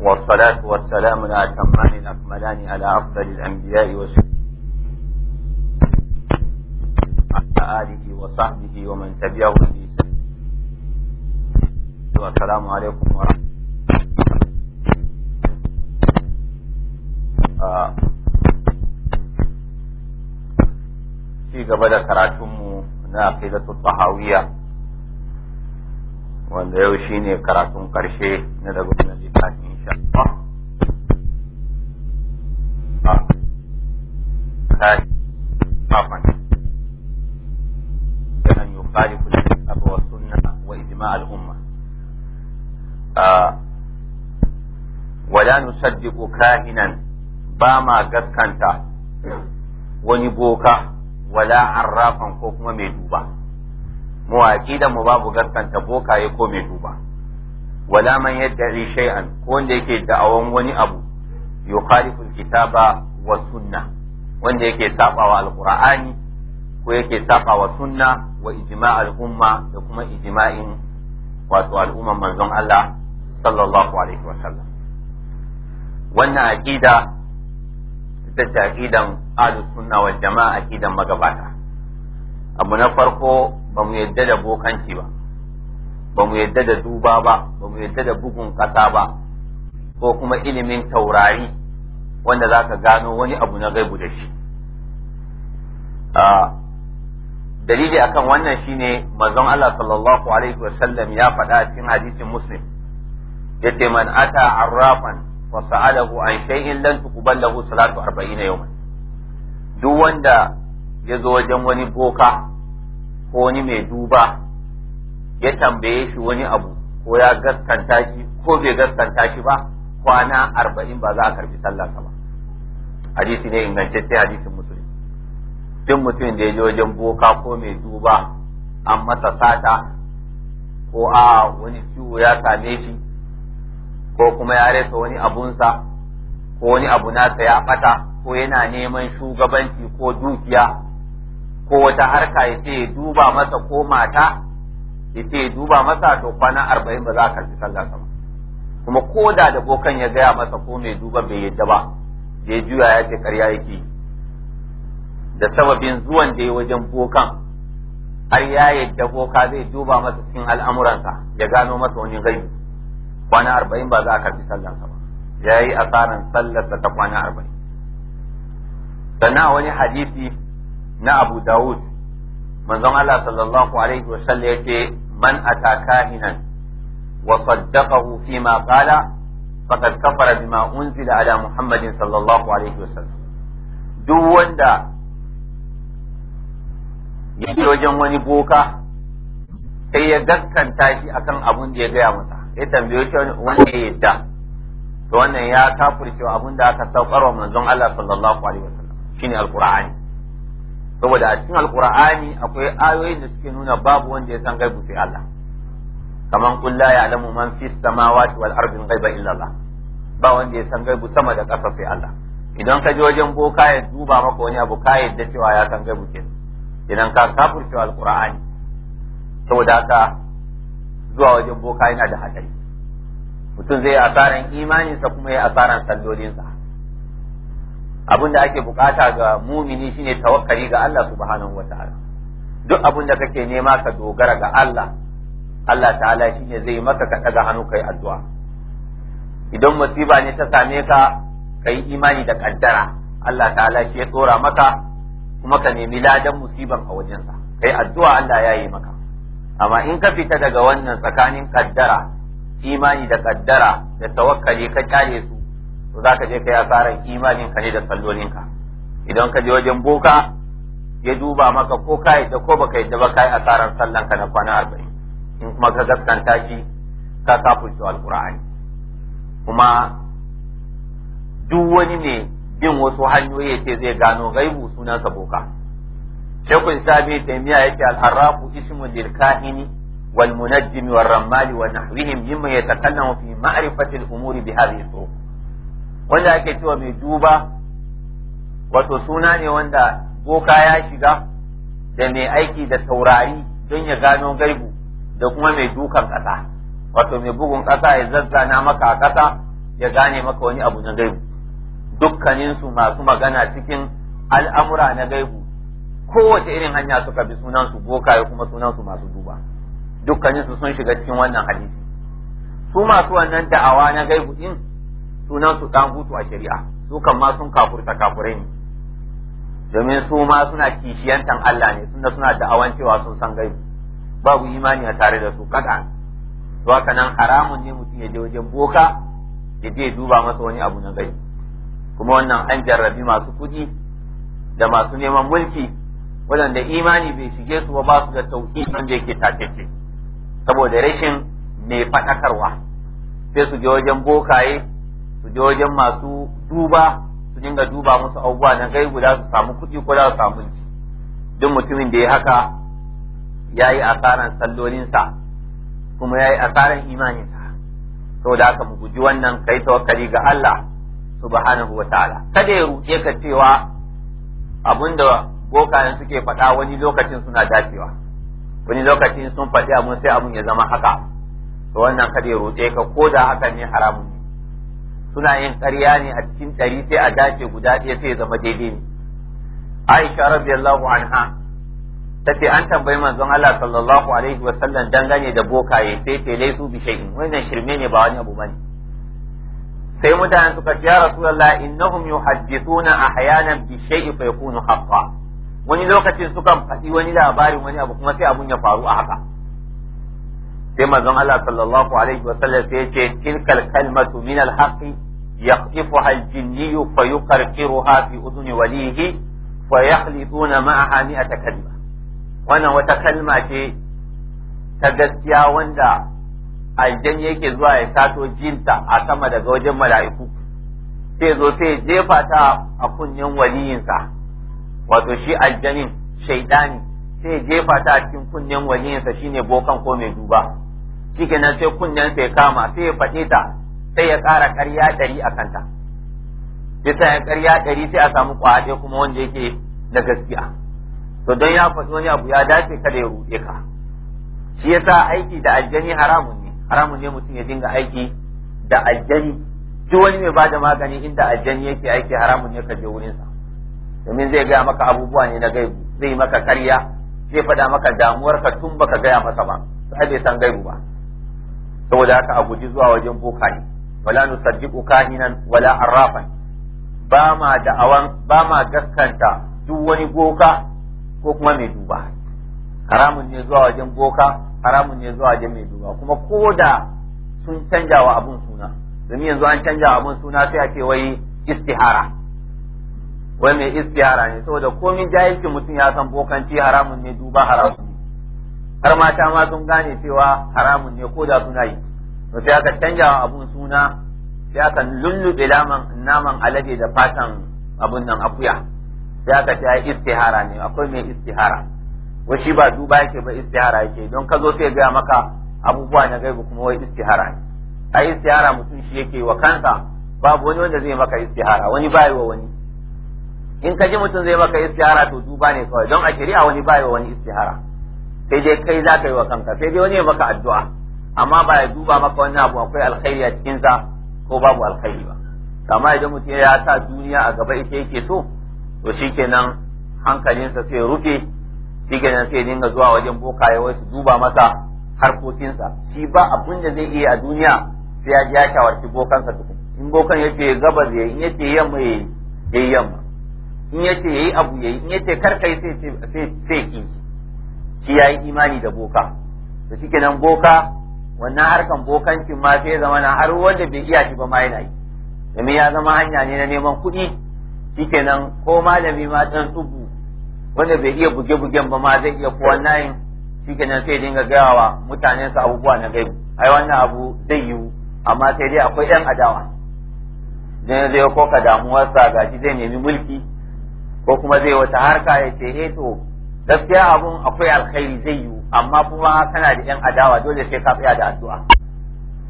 والصلاة والسلام على الأتمان الأكملان على أفضل الأنبياء وعلى آله وصحبه ومن تبعه في والسلام عليكم ورحمة الله آه، في قبل كراتم ناقلة الطحاوية وأن yau كراتم karatun karshe na saddiƙo kahinan ba ma gaskanta wani boka wala arrafan ko kuma mai duba mu da mu babu gaskanta boka ya ko mai duba wala man yad'i shay'an ko wanda yake da'awan wani abu yukhalifu alkitaba wa sunna wanda yake sabawa alqur'ani ko yake sabawa sunna wa ijma' al'umma da kuma ijma'in wato al'umman manzon Allah sallallahu alaihi wa sallam wannan aqida ita ce aqidan ahlus wal jama'a aqidan magabata abu na farko ba mu yadda da bokanci ba ba mu yadda da duba ba ba mu yadda da bugun ƙasa ba ko kuma ilimin taurari wanda za ka gano wani abu na gaibu da shi dalili akan wannan shine mazan Allah sallallahu alaihi wasallam ya faɗa cikin hadisin muslim ce man ata arrafan wa sa'alahu an shay'in lan tuqballahu salatu 40 yau duk wanda ya zo wajen wani boka ko wani mai duba ya tambaye shi wani abu ko ya gaskanta shi ko bai gaskanta shi ba kwana arba'in ba za a karbi sallarsa ba hadisi ne ingantacce hadisin musulmi duk mutum da ya je wajen boka ko mai duba an masa sata ko a wani ciwo ya same shi ko kuma ya rasa wani abunsa ko wani abu nasa ya bata ko yana neman shugabanci ko dukiya ko wata harka ya ce duba masa ko mata yace duba masa to kwana arba'in ba za a karbi sallah ba kuma ko da da bokan ya gaya masa ko mai duba bai yadda ba da ya juya ya ce karya yake da sababin zuwan da ya wajen bokan har ya yadda boka zai duba masa cikin al'amuransa ya gano masa wani gari. kwana arba'in ba za a karbi sallah ba ya yi asaran sallarsa ta kwana arba'in sannan a wani hadisi na abu dawud manzon allah sallallahu alaihi wasallam ya ce من أتى كاهنا وصدقه فيما قال فقد كفر بما أنزل على محمد صلى الله عليه وسلم duk wanda ya ke wajen wani boka sai ya gaskanta shi akan abun da ya gaya masa ya tambaye shi wanda ya yadda to wannan ya kafurce abun da aka saukar wa manzon Allah sallallahu alaihi wasallam shine alqur'ani saboda a cikin alqur'ani akwai ayoyin da suke nuna babu wanda ya san gaibu sai Allah kaman qul la ya'lamu man fis samawati wal ardi ghaiba illa Allah ba wanda ya san gaibu sama da ƙasa sai Allah idan ka je wajen boka ya duba maka wani abu ka yadda cewa ya san gaibu ke idan ka kafirce alqur'ani saboda haka zuwa wajen boka yana da hadari mutum zai yi asaran imaninsa kuma ya asaran sallolinsa abin da ake bukata ga mumini shine tawakkali ga Allah subhanahu wataala duk abin da kake nema ka dogara ga Allah Allah ta'ala shine zai maka ka daga hannu kai addu'a idan musiba ne ta same ka kai imani da kaddara Allah ta'ala shi ya tsora maka kuma ka nemi ladan musiban a wajensa kai addu'a Allah ya yi maka amma in ka fita daga wannan tsakanin kaddara imani da kaddara da tawakkali ka kyale su to za ka je ka yi asarar imanin ka ne da sallolinka idan ka je wajen boka ya duba maka ko ka yi ko baka yi ba ka yi asaran sallanka na kwana arba'in in kuma ka gaskanta shi ka kafurce alkur'ani kuma duk wani ne bin wasu hanyoyi ce zai gano gaibu sunan sa boka shekul sabi taimiya yake alharrafu ismun lil kahini wal munajjim wal rammali wa nahwihim mimma yatakallamu fi ma'rifati al umuri bi hadhihi wanda ake cewa mai duba wato suna ne wanda boka ya shiga da mai aiki da taurari don ya gano gaibu da kuma mai dukan ƙasa wato mai bugun ƙasa ya zazzana maka a ƙasa ya gane maka wani abu na gaibu dukkaninsu masu magana cikin al'amura na gaibu kowace irin hanya suka bi sunansu boka ya kuma sunansu masu duba dukkaninsu sun shiga cikin wannan hadisi su masu wannan da'awa na gaibu din sunan su hutu a shari'a su kan ma sun kafurta kafurai ne domin su ma suna kishiyantan Allah ne suna suna da'awan cewa sun san gaibu babu imani a tare da su kada to haka nan haramun ne mutum ya je wajen boka ya je duba masa wani abu na gai kuma wannan an jarrabi masu kuɗi da masu neman mulki waɗanda imani bai shige su ba su da tauhidi wanda yake ce saboda rashin mai faɗakarwa sai su je wajen bokaye su je wajen masu duba su dinga duba musu abubuwa na gai guda su samu kuɗi ko da su samu ji duk mutumin da ya haka ya yi asaran sallolinsa kuma ya yi asaran imaninsa sau da mu guji wannan kai tawakkali ga Allah subhanahu wa ta'ala kada ya ruɗe ka cewa abinda bokayen suke faɗa wani lokacin suna dacewa wani lokacin sun faɗi abun sai abun ya zama haka to wannan kada ya ruɗe ka ko da hakan ne haramun suna yin ƙarya ne a cikin ɗari sai a dace guda ɗaya sai zama daidai ne aisha radiyallahu anha ta ce an tambayi manzon Allah sallallahu alaihi wa sallam dangane da bokaye sai ce laisu bi shay'in wannan shirme ne ba wani abu bane sai mutanen suka ce ya rasulullah innahum yuhaddithuna ahyanan bi shay'in fa yakunu haqqan wani lokacin sukan faɗi wani labarin wani abu kuma sai abun ya faru a haka sai manzon Allah sallallahu alaihi wa sallam sai yace tilkal kalmatu min al haqqi yaqifuha al jinni fa yuqarriruha fi udhuni walihi fa yahliduna ma'aha mi'ata kalma wannan wata kalma ce ta gaskiya wanda aljan yake zuwa ya sato jinta a sama daga wajen mala'iku sai zo sai jefa ta a kunnen waliyinsa wato shi aljanin shaidani sai jefa ta a cikin kunnen waliyinsa shine bokan ko mai duba shikenan sai kunnen sai kama sai ya faɗe ta sai ya ƙara ƙarya ɗari a kanta bisa ya ƙarya ɗari sai a samu kwaɗe kuma wanda yake na gaskiya to don ya faɗi wani abu ya dace kada ya ruɗe ka shi yasa aiki da aljani haramun ne haramun ne mutum ya dinga aiki da aljani duk wani mai bada magani inda aljani yake aiki haramun ne ka je sa domin zai gaya maka abubuwa ne na gaibu zai maka karya zai faɗa maka damuwar ka tun baka gaya masa ba sai bai san gaibu ba saboda haka a guji zuwa wajen bokaye wala nusaddiqu kahinan wala arrafan ba ma awan ba ma gaskanta duk wani boka ko kuma mai duba haramun ne zuwa wajen boka haramun ne zuwa wajen mai duba kuma koda sun canja wa abun suna domin yanzu an canja abun suna sai a ce wai istihara wai mai istihara ne saboda komin jahilci mutum ya san bokanci haramun ne duba haramun har mata ma sun gane cewa haramun ne ko da suna yi to sai aka canja wa abun suna sai aka lullube laman naman alade da fatan abun nan akuya sai aka ce istihara ne akwai mai istihara ko shi ba duba yake ba istihara yake don ka zo sai ga maka abubuwa na gaibu kuma wai istihara ne a istihara mutum shi yake wa kansa babu wani wanda zai maka istihara wani bai wa wani in ka ji mutum zai maka istihara to duba ne kawai don a shari'a wani bai wa wani istihara sai dai kai za ka yi wa kanka sai dai wani ya maka addu'a amma ba ya duba maka wani abu akwai alkhairi a cikin ko babu alkhairi ba kama idan mutum ya sa duniya a gaba ita yake so to shikenan hankalinsa sai rufe shikenan sai dinga zuwa wajen boka ya wasu duba masa harkokinsa shi ba abin da zai iya a duniya sai ya ya shawarci bokansa tukun in bokan yace gabas yayi in yace yamma yayi yamma in yace yayi abu yayi in yace karkai sai sai sai ki shi ya yi imani da boka to nan boka wannan harkan bokancin ma sai zama na har wanda bai iya shi ba ma yana yi domin ya zama hanya ne na neman kuɗi nan ko malami ma ɗan tsubu wanda bai iya buge-bugen ba ma zai iya kowa nayin nan sai dinga gaya wa mutanen su abubuwa na gaibu ai wannan abu zai yiwu amma sai dai akwai ɗan adawa dan zai ko ka damuwarsa gashi zai nemi mulki ko kuma zai wata harka ya ce eh to gaskiya abun akwai alkhairi zai yiwu amma kuma kana da yan adawa dole sai ka tsaya da addu'a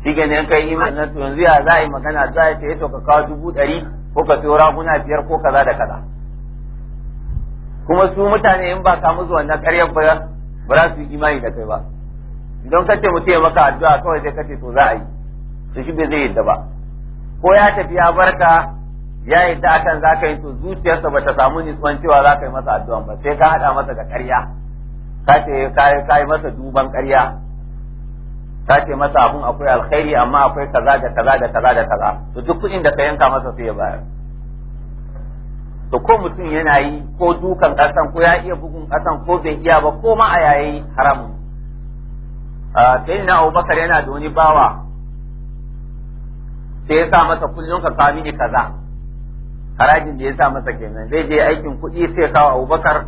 shi ke kai na to yanzu ya za a yi magana za a ce eh ka kawo dubu ɗari ko ka sayo raguna biyar ko kaza da kaza kuma su mutane in ba ka musu wannan karyar ba ba za su yi imani da kai ba idan ka ce mutum ya maka addu'a kawai sai ka ce to za a yi to shi bai zai yadda ba ko ya tafi ya barka ya yadda akan za ka yi to zuciyarsa ba ta samu nisman cewa za ka yi masa addu'an ba sai ka haɗa masa da ƙarya ka ce ka yi masa duban ƙarya ka ce masa abun akwai alkhairi amma akwai kaza da kaza da kaza da kaza to duk kuɗin da ka yanka masa sai ya bayar to ko mutum yana yi ko dukan ƙasan ko ya iya bugun ƙasan ko bai iya ba ko ma a yayi haramun sai na Abubakar yana da wani bawa sai ya sa masa kullum ka kawo mini kaza harajin da ya sa masa kenan zai je aikin kuɗi sai kawo abubakar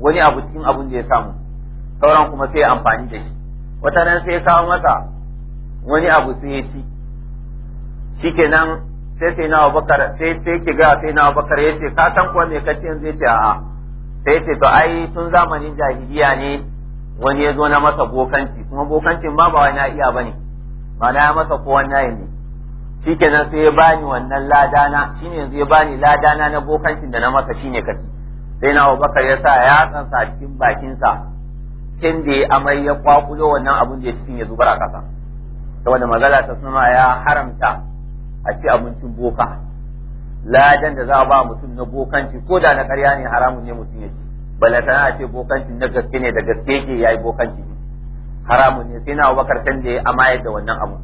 wani abu cikin abun da ya samu sauran kuma sai amfani da shi wata nan sai kawo masa wani abu sai ya ci shi kenan sai sai na abubakar sai sai ki ga sai na abubakar ya ce ka san kuwa mai kace yanzu ya ce a'a sai ce to ai tun zamanin jahiliya ne wani ya zo na masa bokanci kuma bokancin ma ba wani iya bane na ya masa ko wani ne shikenan sai ya bani wannan ladana shine yanzu ya bani ladana na bokancin da na masa shine kaci sai na Abubakar ya sa ya tsansa cikin bakinsa kin da ya amai ya kwakulo wannan abun da ya cikin ya zubar a kasa saboda magana ta suna ya haramta a ci abincin boka ladan da za a ba mutum na bokanci ko da na karya ne haramun ne mutum ya ci balantana a ce bokancin na gaske ne da gaske ke yayi bokanci haramun ne sai na Abubakar san da ya amayar da wannan abu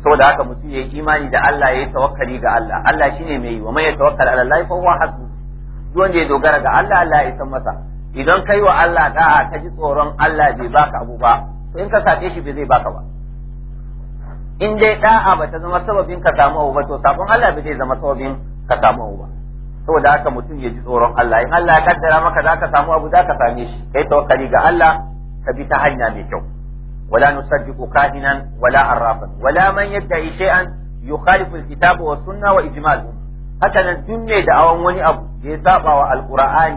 saboda haka mutum ya yi imani da Allah ya yi tawakkali ga Allah Allah shi ne mai yi wa mai tawakkal ala Allah fa huwa hasbu duk wanda ya dogara ga Allah Allah ya san masa idan kai wa Allah da'a ka ji tsoron Allah bai baka abu ba to in ka sace shi bai zai baka ba in dai da'a ba ta zama sababin ka samu abu ba to sabon Allah bai zai zama sababin ka samu abu ba saboda haka mutum ya ji tsoron Allah in Allah ya kaddara maka za ka samu abu za ka same shi kai tawakkali ga Allah ka bi ta hanya mai kyau ولا نصدق كاهنا ولا عرافا ولا من يدعي شيئا يخالف الكتاب والسنه واجماع حتى نتم دعوى وني ابو يسابع القران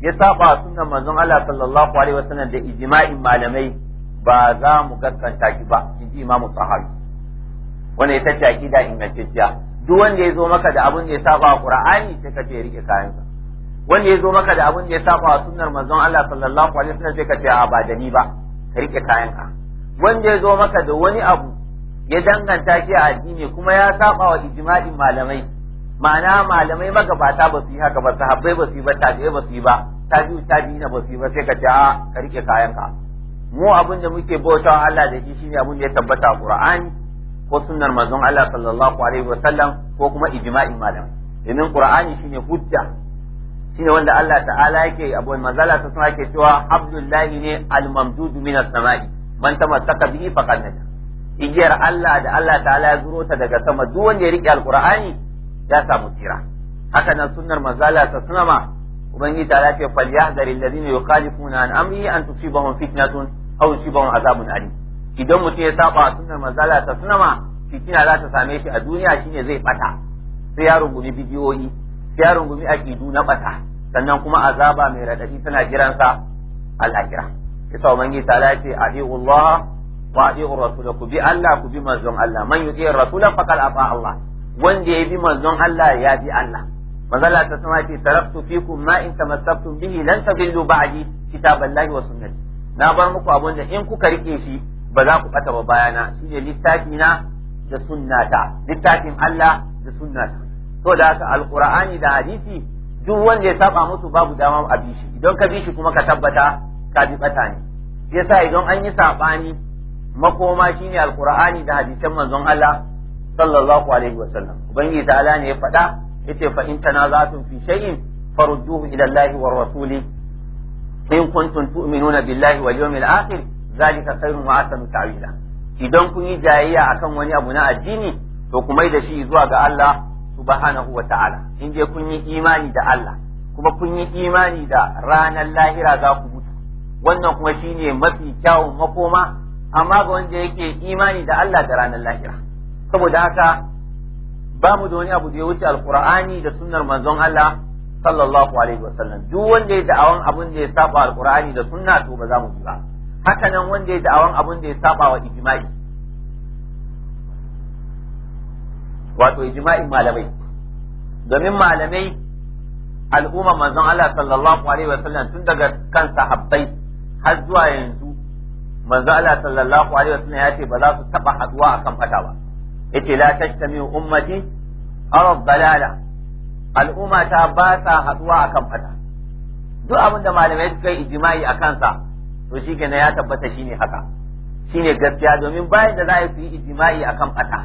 يسابع سنه ما الله صلى الله عليه وسلم باجماع معلمي بازا مقدسا تاكبا في امام الصحابي wani ita ce aqida ingantacciya duk wanda ya zo maka da abin da ya saba qur'ani sai ka ce rike kayan sa wanda ya zo maka da abin da ya saba sunnar manzon Allah sallallahu alaihi wasallam sai ka ce a ba dani ba ka rike kayan ka wanda ya zo maka da wani abu ya danganta shi a addini kuma ya saba wa ijma'in malamai ma'ana malamai magabata ba su yi haka ba sahabbai ba su yi ba tabi'ai ba su yi ba tabi'u tabi'ina ba su yi ba sai ka ja ka rike ka. mu abin da muke bautawa Allah da shi shine abin da ya tabbata a Qur'ani ko sunnar manzon Allah sallallahu alaihi wasallam ko kuma ijma'in malamai domin Qur'ani shine hujja shine wanda Allah ta'ala yake abu manzala ta suna yake cewa Abdullahi ne al-mamdudu minas sama'i man tamassaka bihi faqad naja igiyar Allah da Allah ta'ala ya zuro ta daga sama duk wanda ya rike alqur'ani ya samu tsira haka nan sunnar manzala ta sunama ubangiji ta'ala ce falyahdhar alladhina yukhalifuna an amri an tusibahum fitnatun aw yusibahum azabun alim idan mutum ya saba sunnar manzala ta sunama fitina za ta same shi a duniya shine zai bata sai ya rungumi bidiyoyi sai ya rungumi aqidu na bata sannan kuma azaba mai radadi tana jiransa al'akira kisa ubangiji ta lafi Allah wa adiur rasul ku bi Allah ku bi manzon Allah man yuti rasul faqad afa Allah wanda ya bi manzon Allah ya bi Allah manzon ta sama ce taraktu fikum ma in tamassaktum bihi lan ji ba'di kitaballahi wa sunnati na bar muku abun da in kuka rike shi ba za ku bata ba bayana shine littafi na da sunnata littafin Allah da sunnata to da haka alqur'ani da hadisi duk wanda ya saba musu babu dama a bi shi idan ka bi shi kuma ka tabbata ka bi bata ne yasa idan an yi sabani makoma shine alqur'ani da hadisan manzon Allah sallallahu alaihi wasallam ubangiji ta'ala ne ya faɗa yace fa in tanaza'tum fi shay'in farudduhu ila Allah wa rasuli in kuntum tu'minuna billahi wal yawmil akhir zalika khairun wa ahsanu ta'wila idan kun yi jayayya akan wani abu na addini to kumai da shi zuwa ga Allah subhanahu wa ta'ala in je kun yi imani da Allah kuma kun yi imani da ranar lahira za ku wannan kuma shine mafi kyawun makoma amma ga wanda yake imani da Allah da ranar lahira saboda haka ba mu da wani abu da ya wuce alqur'ani da sunnar manzon Allah sallallahu alaihi wasallam duk wanda ya da'awan abun da ya saba alqur'ani da sunna to ba za mu ji ba haka nan wanda ya da'awan abun da ya saba wa ijma'i wato ijma'in malamai domin malamai al'umma manzon Allah sallallahu alaihi wasallam tun daga kan sahabbai har zuwa yanzu manzo Allah sallallahu alaihi wasallam ya ce ba za su taba haduwa akan fata ba yace la tashtami ummati arad dalala al'umma ta ba sa haduwa akan fata duk abin da malamai suka yi ijma'i akan sa to shikenan ya tabbata shine haka shine gaskiya domin bayan da za su yi ijma'i akan fata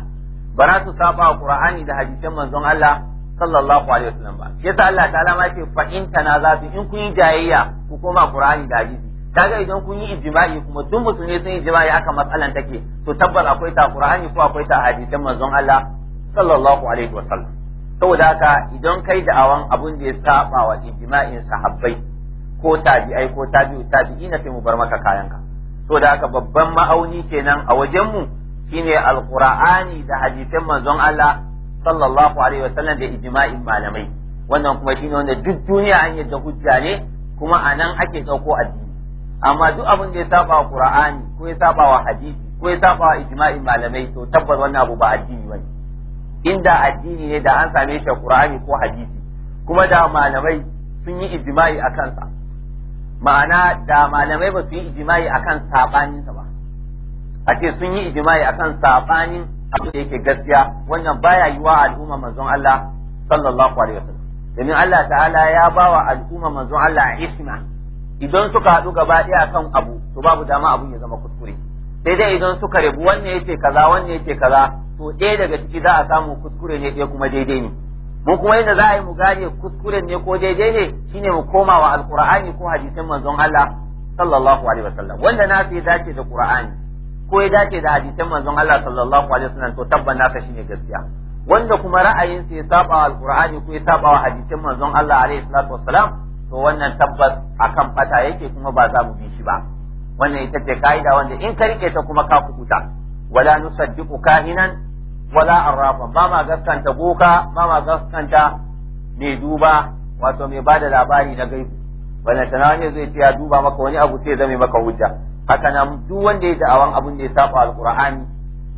ba za su saba qur'ani da hadisin manzon Allah sallallahu alaihi wasallam ba shi yasa Allah ta'ala ma ce fa in tanazatu in kun yi jayayya ku koma qur'ani da hadisi kaga idan kun yi ijma'i kuma duk musulmi sun yi ijma'i aka matsalan take to tabbas akwai ta qur'ani ko akwai ta hadisin manzon Allah sallallahu alaihi wasallam saboda haka idan kai da awan abun da ya saba wa ijma'in sahabbai ko tabi'ai ko tabi'u na sai mu bar maka kayanka saboda haka babban ma'auni kenan a wajen mu shine alqur'ani da hadisin manzon Allah sallallahu alaihi wasallam da ijma'in malamai wannan kuma shine wanda duk duniya an yadda hujja ne kuma anan ake dauko addini amma duk abin da ya saba wa qur'ani ko ya saba wa hadisi ko ya saba wa ijma'i malamai to tabbas wannan abu ba addini bane inda addini ne da an same shi qur'ani ko hadisi kuma da malamai sun yi ijma'i a kansa ma'ana da malamai ba su yi ijma'i akan sa ba a ce sun yi ijma'i akan sabanin abu da yake gaskiya wannan baya yiwa al'umma manzon Allah sallallahu alaihi wasallam domin Allah ta'ala ya bawa al'umma manzon Allah isma idan suka haɗu gaba ɗaya kan abu to babu dama abun ya zama kuskure sai dai idan suka rabu wanne yake kaza wanne yake kaza to ɗaya daga ciki za a samu kuskure ne ɗaya kuma daidai ne mu kuma yadda za a yi mu gane kuskuren ne ko daidai ne shine mu koma wa alqur'ani ko hadisin manzon Allah sallallahu alaihi wasallam wanda na sai dace da qur'ani ko ya dace da hadisin manzon Allah sallallahu alaihi wasallam to tabban naka shine gaskiya wanda kuma ra'ayinsa ya saba wa alqur'ani ko ya saba wa hadisin manzon Allah alaihi salatu wasallam to wannan tabbas akan fata yake kuma ba za mu bi shi ba wannan ita ce ka'ida wanda in ka rike ta kuma ka kukuta wala nusaddiqu kahinan wala arrafa ba ma gaskanta boka ba ma gaskanta mai duba wato mai bada labari na gaibu wannan tana ne zai ce ya duba maka wani abu sai zame maka hujja haka nan duk wanda ya da'awan abun da ya saba alqur'ani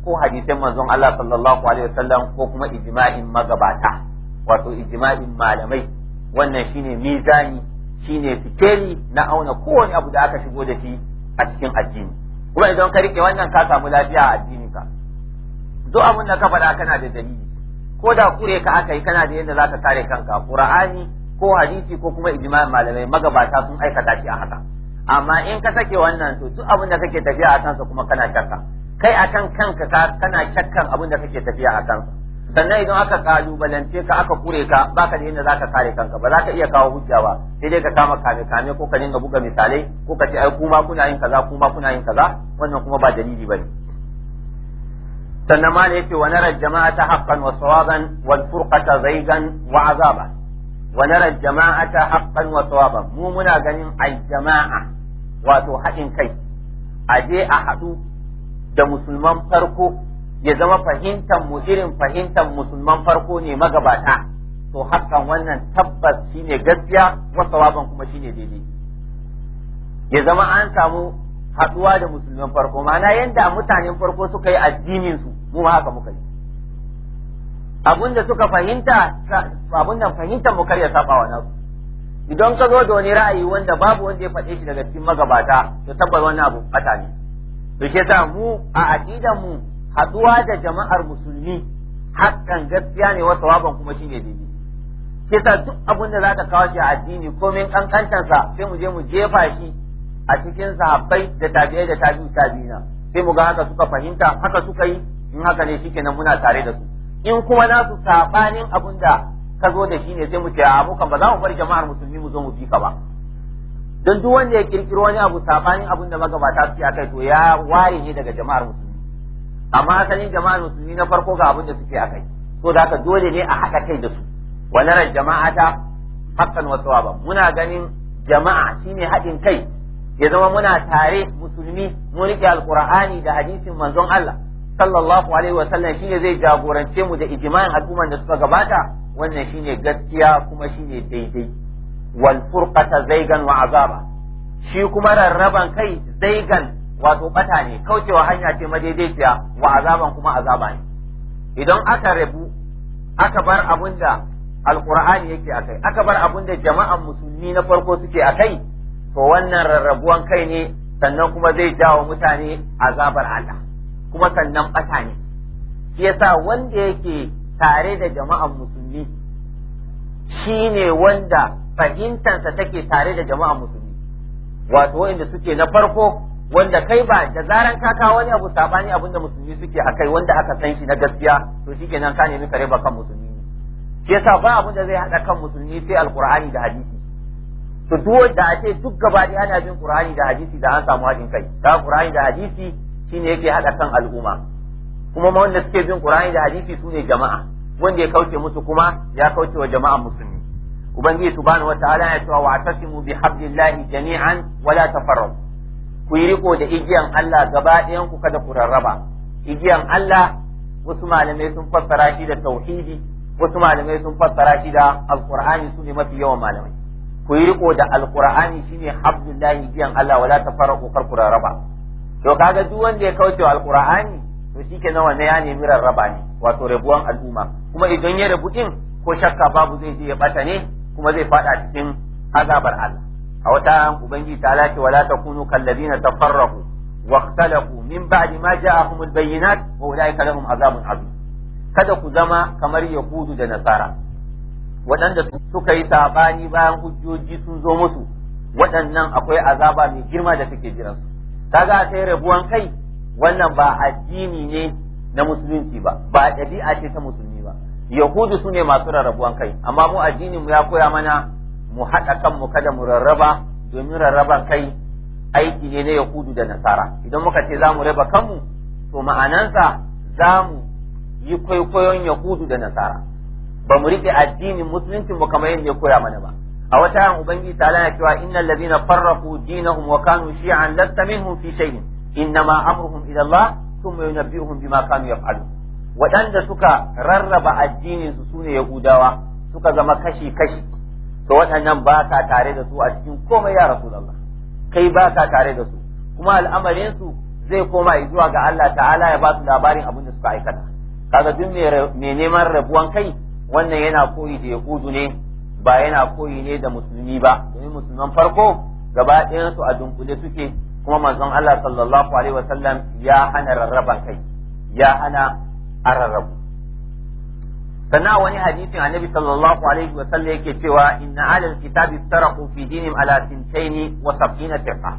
ko hadisin manzon Allah sallallahu alaihi wasallam ko kuma ijma'in magabata wato ijma'in malamai wannan shine mizani shine sikeli na auna kowane abu da aka shigo da shi a cikin addini kuma idan ka rike wannan ka samu lafiya a addini ka duk abin da ka faɗa kana da dalili ko da kure ka aka yi kana da yadda zaka kare kanka qur'ani ko hadisi ko kuma ijma'in malamai magabata sun aikata shi a haka amma in ka sake wannan to duk abin da kake tafiya a kansa kuma kana shakka kai akan kanka kana shakkan abin da kake tafiya a kansa sannan idan aka kalubalance ka aka kure ka baka da yadda zaka kare kanka ba za ka iya kawo hujja ba sai dai ka kama kame kame ko ka dinga buga misalai ko ka ce ai kuma kuna yin kaza kuma kuna yin kaza wannan kuma ba dalili bane sannan ma ne yace wa nara jama'ata haqqan wa sawaban wal furqata zaygan wa azaba wa nara jama'ata haqqan wa sawaban mu muna ganin al jama'a wato haɗin kai aje a haɗu da musulman farko ya zama fahimtar mu irin fahimtar musulman farko ne magabata to hakan wannan tabbas shine gaskiya wasawaban kuma shine daidai ya zama an samu haɗuwa da musulman farko ma'ana yadda mutanen farko suka yi addinin su mu haka muka yi abinda suka fahimta abinda fahimta mu karya saba wa nasu idan ka zo da wani ra'ayi wanda babu wanda ya faɗe shi daga cikin magabata to tabbas wannan abu fata ne to shi yasa mu a aqidan mu Haduwa da jama'ar musulmi hakan gaskiya ne wasu waban kuma shi ne daidai kisa duk abin da za ta kawo shi a addini komin kankantansa sai mu je mu jefa shi a cikin sahabbai da tabi'ai da tabi'u tabi'ina sai mu ga haka suka fahimta haka suka yi in haka ne shikenan muna tare da su in kuma nasu sabanin abin da ka zo da shi ne sai mu ce a mukan ba za mu bar jama'ar musulmi mu zo mu bi ba don duk wanda ya kirkiro wani abu sabanin abin da magabata su a kai to ya ware ne daga jama'ar musulmi amma asalin jama'ar musulmi na farko ga abin da suke kai so da haka dole ne a haka kai da su jama'a ta hakan wa ba? muna ganin jama'a shine haɗin kai ya zama muna tare musulmi mu rike alqur'ani da hadisin manzon Allah sallallahu alaihi wa sallam shine zai jagorance mu da ijma'in al'umman da suka gabata wannan shine gaskiya kuma shine daidai wal furqata zaigan wa azaba shi kuma rarraban kai zaigan wato bata ne kaucewa hanya ce madaidaiciya wa azaban kuma azaba ne idan aka rabu aka bar abin da alqur'ani yake akai aka bar abunda jama'an musulmi na farko suke akai to wannan rarrabuwan kai ne sannan kuma zai jawo mutane azabar Allah kuma sannan bata ne shi yasa wanda yake tare da jama'an musulmi shine wanda fahimtansa take tare da jama'an musulmi wato wanda suke na farko wanda kai ba da zaran ka kawo wani abu sabani abin da musulmi suke akai wanda aka san shi na gaskiya to shikenan ka nemi kare ba kan musulmi shi yasa ba abin da zai hada kan musulmi sai alqur'ani da hadisi to duk da ake duk gaba ɗaya ana bin qur'ani da hadisi da an samu hadin kai da qur'ani da hadisi shine yake hada kan al'umma kuma ma wanda suke bin qur'ani da hadisi ne jama'a wanda ya kauce musu kuma ya kauce wa jama'a musulmi ubangiji subhanahu wataala ya cewa wa atasimu bihablillahi jami'an wala tafarraqu ku yi riko da igiyan Allah gaba ɗayan ku kada ku rarraba igiyan Allah wasu malamai sun fassara shi da tauhidi wasu malamai sun fassara shi da alqur'ani su ne mafi yawan malamai ku yi riko da alqur'ani shine habdullahi igiyan Allah wala tafarraqu kar ku rarraba to kaga duk wanda ya kauce wa alqur'ani to nawa ne ya nemi rarraba ne wato rabuwan al'umma kuma idan ya rabu din ko shakka babu zai je ya bata ne kuma zai fada cikin azabar Allah a wata ubangiji ta lati wala takunu kallazina tafarraqu واختلفوا من بعد ما جاءهم البينات وأولئك لهم عذاب عظيم kada ku zama kamar yahudu da nasara waɗanda suka yi sabani bayan hujjoji sun zo musu waɗannan akwai azaba mai girma da suke su kaga sai rabuwan kai wannan ba addini ne na musulunci ba ba ɗabi'a ce ta musulmi ba yahudu su ne masu rarrabuwan kai amma mu addinin mu ya koya mana mu haɗa kanmu kada mu rarraba domin rarraba kai aiki ne na yahudu da nasara idan muka ce za mu raba kanmu to ma'anansa za mu yi kwaikwayon yahudu da nasara ba mu riƙe addinin musulunci mu kamar yadda ya koya mana ba a wata yan ubangiji ta lana cewa inna ladina farraqu dinahum wa kanu shi'an lasta minhum fi shay'in innama amruhum ila Allah thumma yunabbi'uhum bima kanu yaf'alun waɗanda suka rarraba addinin su sune yahudawa suka zama kashi kashi to waɗannan ba ka tare da su a cikin komai ya Allah kai ba ka tare da su kuma al'amarinsu zai koma zuwa ga Allah ta'ala ya ba su labarin abin da suka aikata kaga duk mai neman rabuwan kai wannan yana koyi da yahudu ne ba yana koyi ne da musulmi ba domin musulman farko gaba su a dunkule suke kuma manzon Allah sallallahu alaihi wasallam ya hana rarraban kai ya hana a rarrabu sana wani hadisin annabi sallallahu alaihi wa sallam yake cewa inna alal kitabi taraku fi dinihim ala sintaini wa sab'ina firqa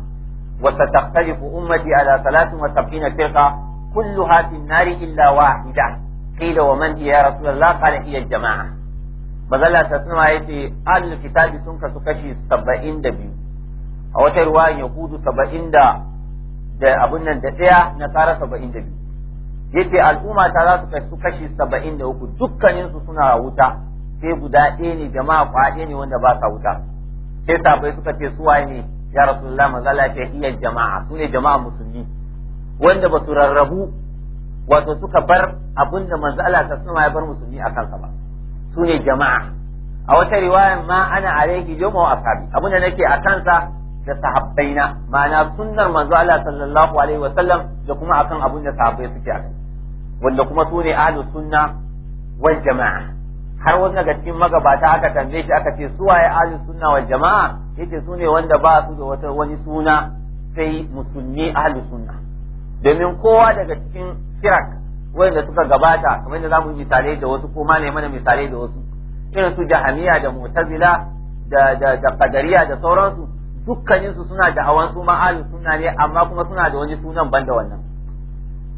wa satakhtalifu ummati ala salatin wa sab'ina firqa kulluha fi nari illa wahida qila wa man hiya ya rasulullah qala jama'a bazalla ta sunwa yace alal kitabi sun kasu kashi 72 a wata ruwa yahudu 70 da abun nan nasara yace al'umma ta za su kashi kashi saba'in da uku dukkanin su suna wuta sai guda ɗaya ne jama'a kwaɗe ne wanda ba sa wuta sai sabai suka ce waye ne ya rasulullah maza lafiya iya jama'a su ne jama'a musulmi wanda ba su rarrabu wato suka bar abin da manzo Allah ta ya bar musulmi a kansa ba su ne jama'a a wata riwayan ma ana alaihi yawma wa ashabi abin da nake a kansa da sahabbaina ma'ana sunnar manzo Allah sallallahu alaihi wa sallam da kuma akan abin da sahabbai suke a kai wanda kuma su ne ahlus sunna wal jama'a har wasu daga cikin magabata aka tambaye shi aka ce su waye ahlus sunna wal jama'a yace su ne wanda ba su da wata wani suna sai musulmi ahlus sunna domin kowa daga cikin firak wanda suka gabata kamar da zamu yi misalai da wasu ko malai mana misalai da wasu irin su jahamiya da mu'tazila da da da qadariya da sauransu dukkaninsu suna da awan su ma sunna ne amma kuma suna da wani sunan banda wannan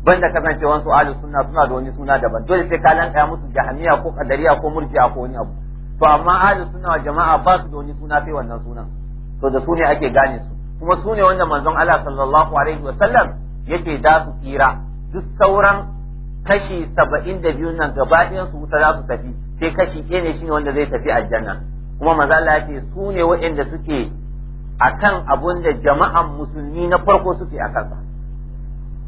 banda kasancewan su ahlus sunna suna da wani suna daban dole sai ka lanka musu jahamiya ko qadariya ko murji'a ko wani abu to amma ahlus sunna wa jama'a ba su da wani suna sai wannan sunan to da su ake gane su kuma su wanda manzon Allah sallallahu alaihi wa sallam yake da su kira. duk sauran kashi saba'in da nan gaba su wuta za su tafi sai kashi ɗaya ne shine wanda zai tafi aljanna kuma manzo Allah sune su waɗanda suke akan abun da jama'an musulmi na farko suke akan sa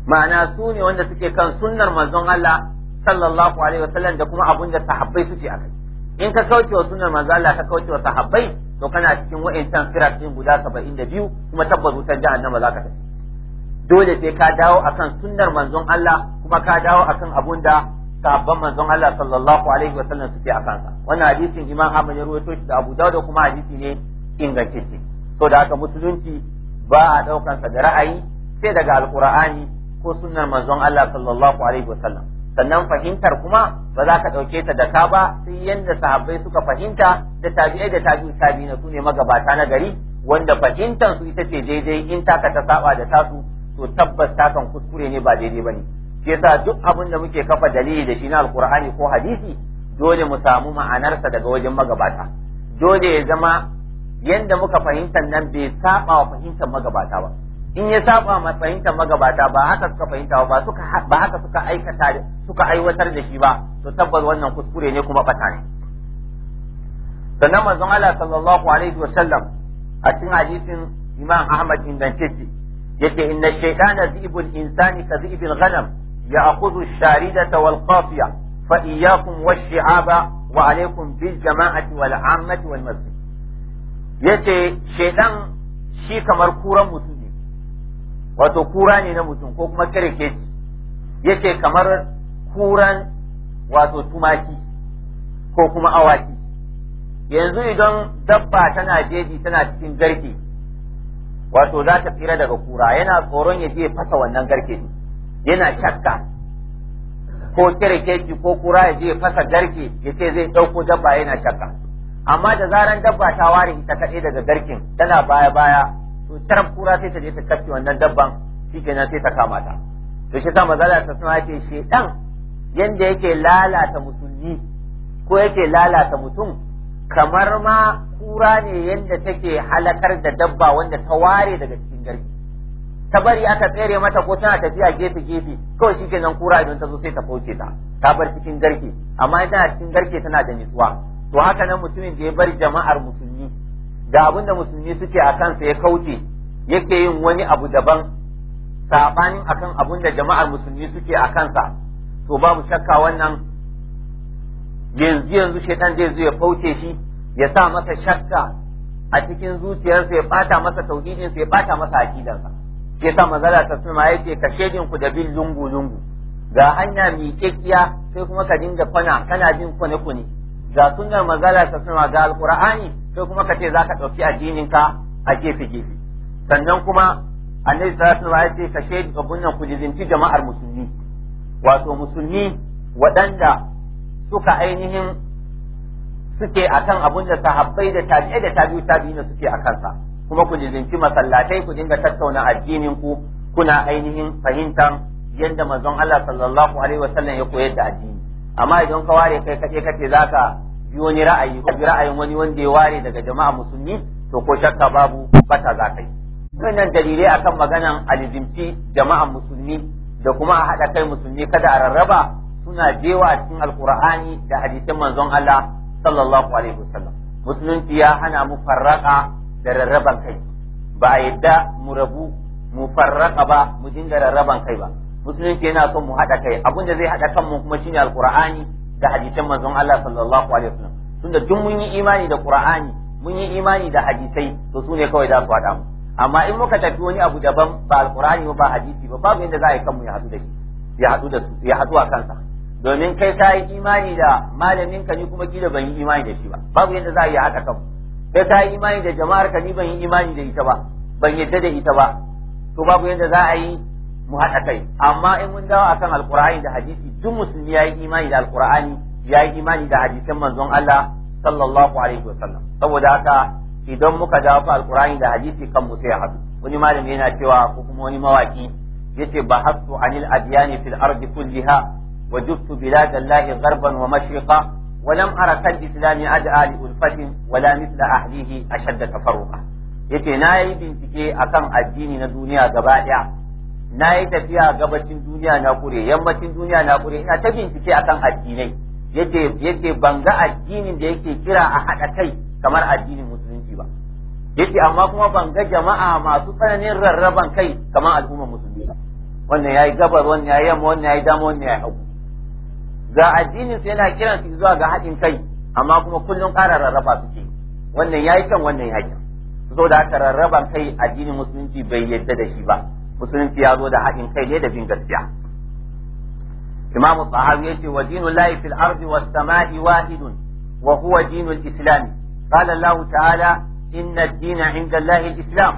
ma'ana su ne wanda suke kan sunnar manzon Allah sallallahu alaihi wasallam da kuma abun da sahabbai suke a kai in ka kauce wa sunnar manzon Allah ka kauce wa sahabbai to kana cikin wa'ancan firat din guda 72 kuma tabbas wutar jahannama za ka tafi dole sai ka dawo akan sunnar manzon Allah kuma ka dawo akan abun da sahabban manzon Allah sallallahu alaihi wasallam suke a kansa wannan hadisin Imam Ahmad ya rawaito shi da Abu Dawud kuma hadisi ne ingantacce to da haka musulunci ba a daukan da ra'ayi sai daga alqur'ani ko sunnar manzon Allah sallallahu alaihi wasallam sannan fahimtar kuma ba za ka ɗauke ta da ka ba sai yadda sahabbai suka fahimta da tabi'ai da tabi'u tabi'ina su ne magabata na gari wanda fahimtar su ita ce daidai in taka ta saba da tasu to tabbas ta kan kuskure ne ba daidai bane Ke sa duk abin da muke kafa dalili da shi na alqur'ani ko hadisi dole mu samu ma'anarsa daga wajen magabata dole ya zama yadda muka fahimtar nan bai saba wa fahimtar magabata ba in ya saba ma fahimtar magabata ba haka suka fahimta ba suka ba haka suka aikata suka aiwatar da shi ba to tabbas wannan kuskure ne kuma bata ne sannan manzon Allah sallallahu alaihi wasallam a cikin hadisin Imam Ahmad ingantacce yake inna shaytana zibul insani ka zibil ghanam ya'khudhu ash-sharidata wal qafiya fa iyyakum wash-shi'aba wa alaykum bil jama'ati wal 'ammati wal masjid yace shaytan shi kamar kuran mutum wato kura ne na mutum ko kuma kirkeci yace kamar kuran wato tumaki ko kuma awaki yanzu idan dabba tana jeji tana cikin garke wato za ta tsira daga kura yana tsoron ya je fasa wannan garke yana shakka ko kirkeci ko kura ya je fasa garke ya ce zai ɗauko dabba yana shakka amma da zaran dabba ta ware ita kaɗai daga garkin tana baya baya to taram kura sai ta je ta kashe wannan dabban shikenan sai ta kama ta to shi sa maza ta suna ce shedan yadda yake lalata musulmi ko yake lalata mutum kamar ma kura ne yadda take halakar da dabba wanda ta ware daga cikin garbi ta bari aka tsere mata ko tana tafiya gefe gefe kawai shikenan kura idan ta zo sai ta fauce ta ta bar cikin garke amma tana cikin garke tana da nutsuwa to haka nan mutumin da ya bar jama'ar musulmi da abin da musulmi suke a kansa ya kauce yake yin wani abu daban sabanin akan abin da jama'ar musulmi suke a kansa to babu shakka wannan yanzu yanzu shaitan zai zo ya fauce shi ya sa masa shakka a cikin zuciyarsa ya bata masa tauhidinsa ya bata masa aqidarsa ke sa mazara ta ya ce ka shedin ku da bin lungu lungu ga hanya kekiya sai kuma ka dinga kwana kana bin kwane kwane ga sunnar mazara ta suna ga alkur'ani sai kuma ka ce za ka ɗauki addinin ka a gefe gefe sannan kuma annabi sallallahu alaihi wasallam ya ce ka shaidi abunnan ku jizinci jama'ar musulmi wato musulmi waɗanda suka ainihin suke akan abun da sahabbai da tabi'ai da tabi'u tabi'ina suke akan sa kuma ku jizinci masallatai ku dinga tattauna addinin ku kuna ainihin fahimtar yadda manzon Allah sallallahu alaihi wasallam ya koyar da addini amma idan ka ware kai kace kace zaka bi wani ra'ayi ko bi ra'ayin wani wanda ya ware daga jama'a musulmi to ko shakka babu bata za kai wannan dalilai akan maganan alizimci jama'a musulmi da kuma a haɗa kai musulmi kada a rarraba suna jewa a cikin alkur'ani da hadisin manzon Allah sallallahu alaihi wasallam musulunci ya hana mu farraka da rarraban kai ba a yadda mu rabu mu farraka ba mu dinga rarraban kai ba musulunci yana son mu haɗa kai abin da zai haɗa kanmu kuma shine alkur'ani da hadisan manzon Allah sallallahu alaihi wasallam tunda duk mun yi imani da Qur'ani mun yi imani da hadisai to su ne kawai za su haɗa mu amma in muka tafi wani abu daban ba alqur'ani ba hadisi ba babu yadda za a yi kanmu ya haɗu da shi ya haɗu da su ya haɗu a kansa domin kai ka yi imani da malamin ka ni kuma kila ban yi imani da shi ba babu yadda za a yi haɗa kanmu kai ka yi imani da jama'ar ka ni ban yi imani da ita ba ban yadda da ita ba to babu yadda za a yi mu haɗa kai amma in mun dawo akan alqur'ani da hadisi duk musulmi yayi imani da alqur'ani yayi imani da hadisin manzon Allah sallallahu alaihi wasallam saboda haka idan muka dawo fa alqur'ani da hadisi kan mu sai haɗu wani malami yana cewa ko kuma wani mawaki yace bahastu anil adyani fil ardi kulliha وجدت بلاد الله غربا ومشرقا ولم أرى كالإسلام أدعى لألفة ولا مثل أهله أشد تفرقا yace na yi bincike akan addini na duniya gaba ɗaya na yi tafiya a gabacin duniya na kure yammacin duniya na kure ina ta bincike akan addinai yadda yake ban ga addinin da yake kira a haɗa kai kamar addinin musulunci ba Yadda amma kuma ban ga jama'a masu tsananin rarraban kai kamar al'ummar musulmi ba wannan yayi gabar wannan yayi yamma wannan yayi dama wannan yayi hagu ga addinin su yana kiran su zuwa ga haɗin kai amma kuma kullun ƙara rarraba ke wannan yayi kan wannan yayi saboda haka rarraban kai addinin musulunci bai yadda da shi ba musulunci ya zo da haɗin kai ne da bin gaskiya Imam sahabi yace wa dinu lahi fil ardi was sama'i wahidun wa huwa dinu al-islam qala Allah ta'ala inna ad-dina 'inda Allah al-islam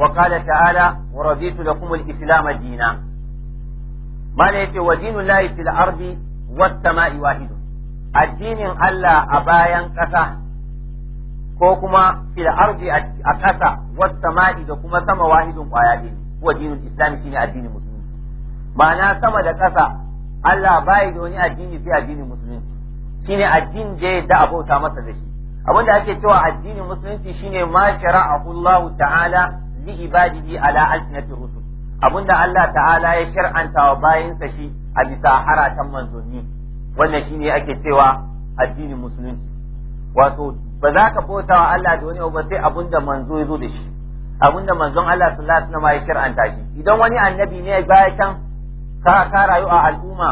wa qala ta'ala wa raditu lakum al-islam dina mala yace wa dinu lahi fil ardi was sama'i wahidun addinin Allah a bayan kasa. ko kuma fil ardi a kasa was sama'i da kuma sama wahidun kwaya ɗaya Kuwa dinul islam shine addinin musulunci ma'ana sama da ƙasa Allah bai da wani addini sai addinin musulunci shine addin da ya da abota masa da shi abinda ake cewa addinin musulunci shine ma shara'ahu Allah ta'ala li ibadihi ala alsinati rusul abinda Allah ta'ala ya shar'anta wa bayinsa shi a bisa haratan manzoni wannan shine ake cewa addinin musulunci wato ba za ka bauta wa Allah da wani ba sai abinda manzo ya zo da shi abinda manzon Allah sallallahu alaihi wasallam ya kiranta shi idan wani annabi ne baya can ka ka rayu a al'umma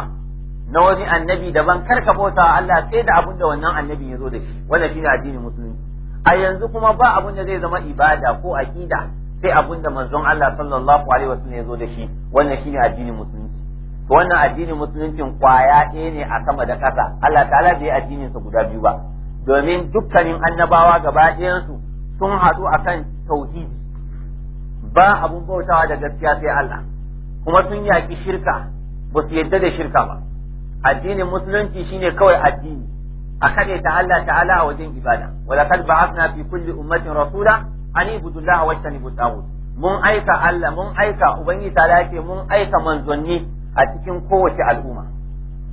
na wani annabi daban kar ka bauta Allah sai da abinda wannan annabi ya zo da shi wannan shine addinin musulunci a yanzu kuma ba abinda zai zama ibada ko aqida sai abinda manzon Allah sallallahu alaihi wasallam ya zo da shi wannan shine addinin musulunci to wannan addinin musuluncin kwaya ɗaya ne a sama da ƙasa Allah ta'ala bai addinin sa guda biyu ba domin dukkanin annabawa gaba su sun haɗu akan tauhidi ba abun bautawa da gaskiya sai Allah kuma sun yaki shirka ba su yadda da shirka ba addinin musulunci shine kawai addini a kare ta Allah ta'ala a wajen ibada wala kad ba'athna fi kulli ummatin rasula an ibudu Allah wa tanibu tawud mun aika Allah mun aika ubangiji ta yake mun aika manzonni a cikin kowace al'umma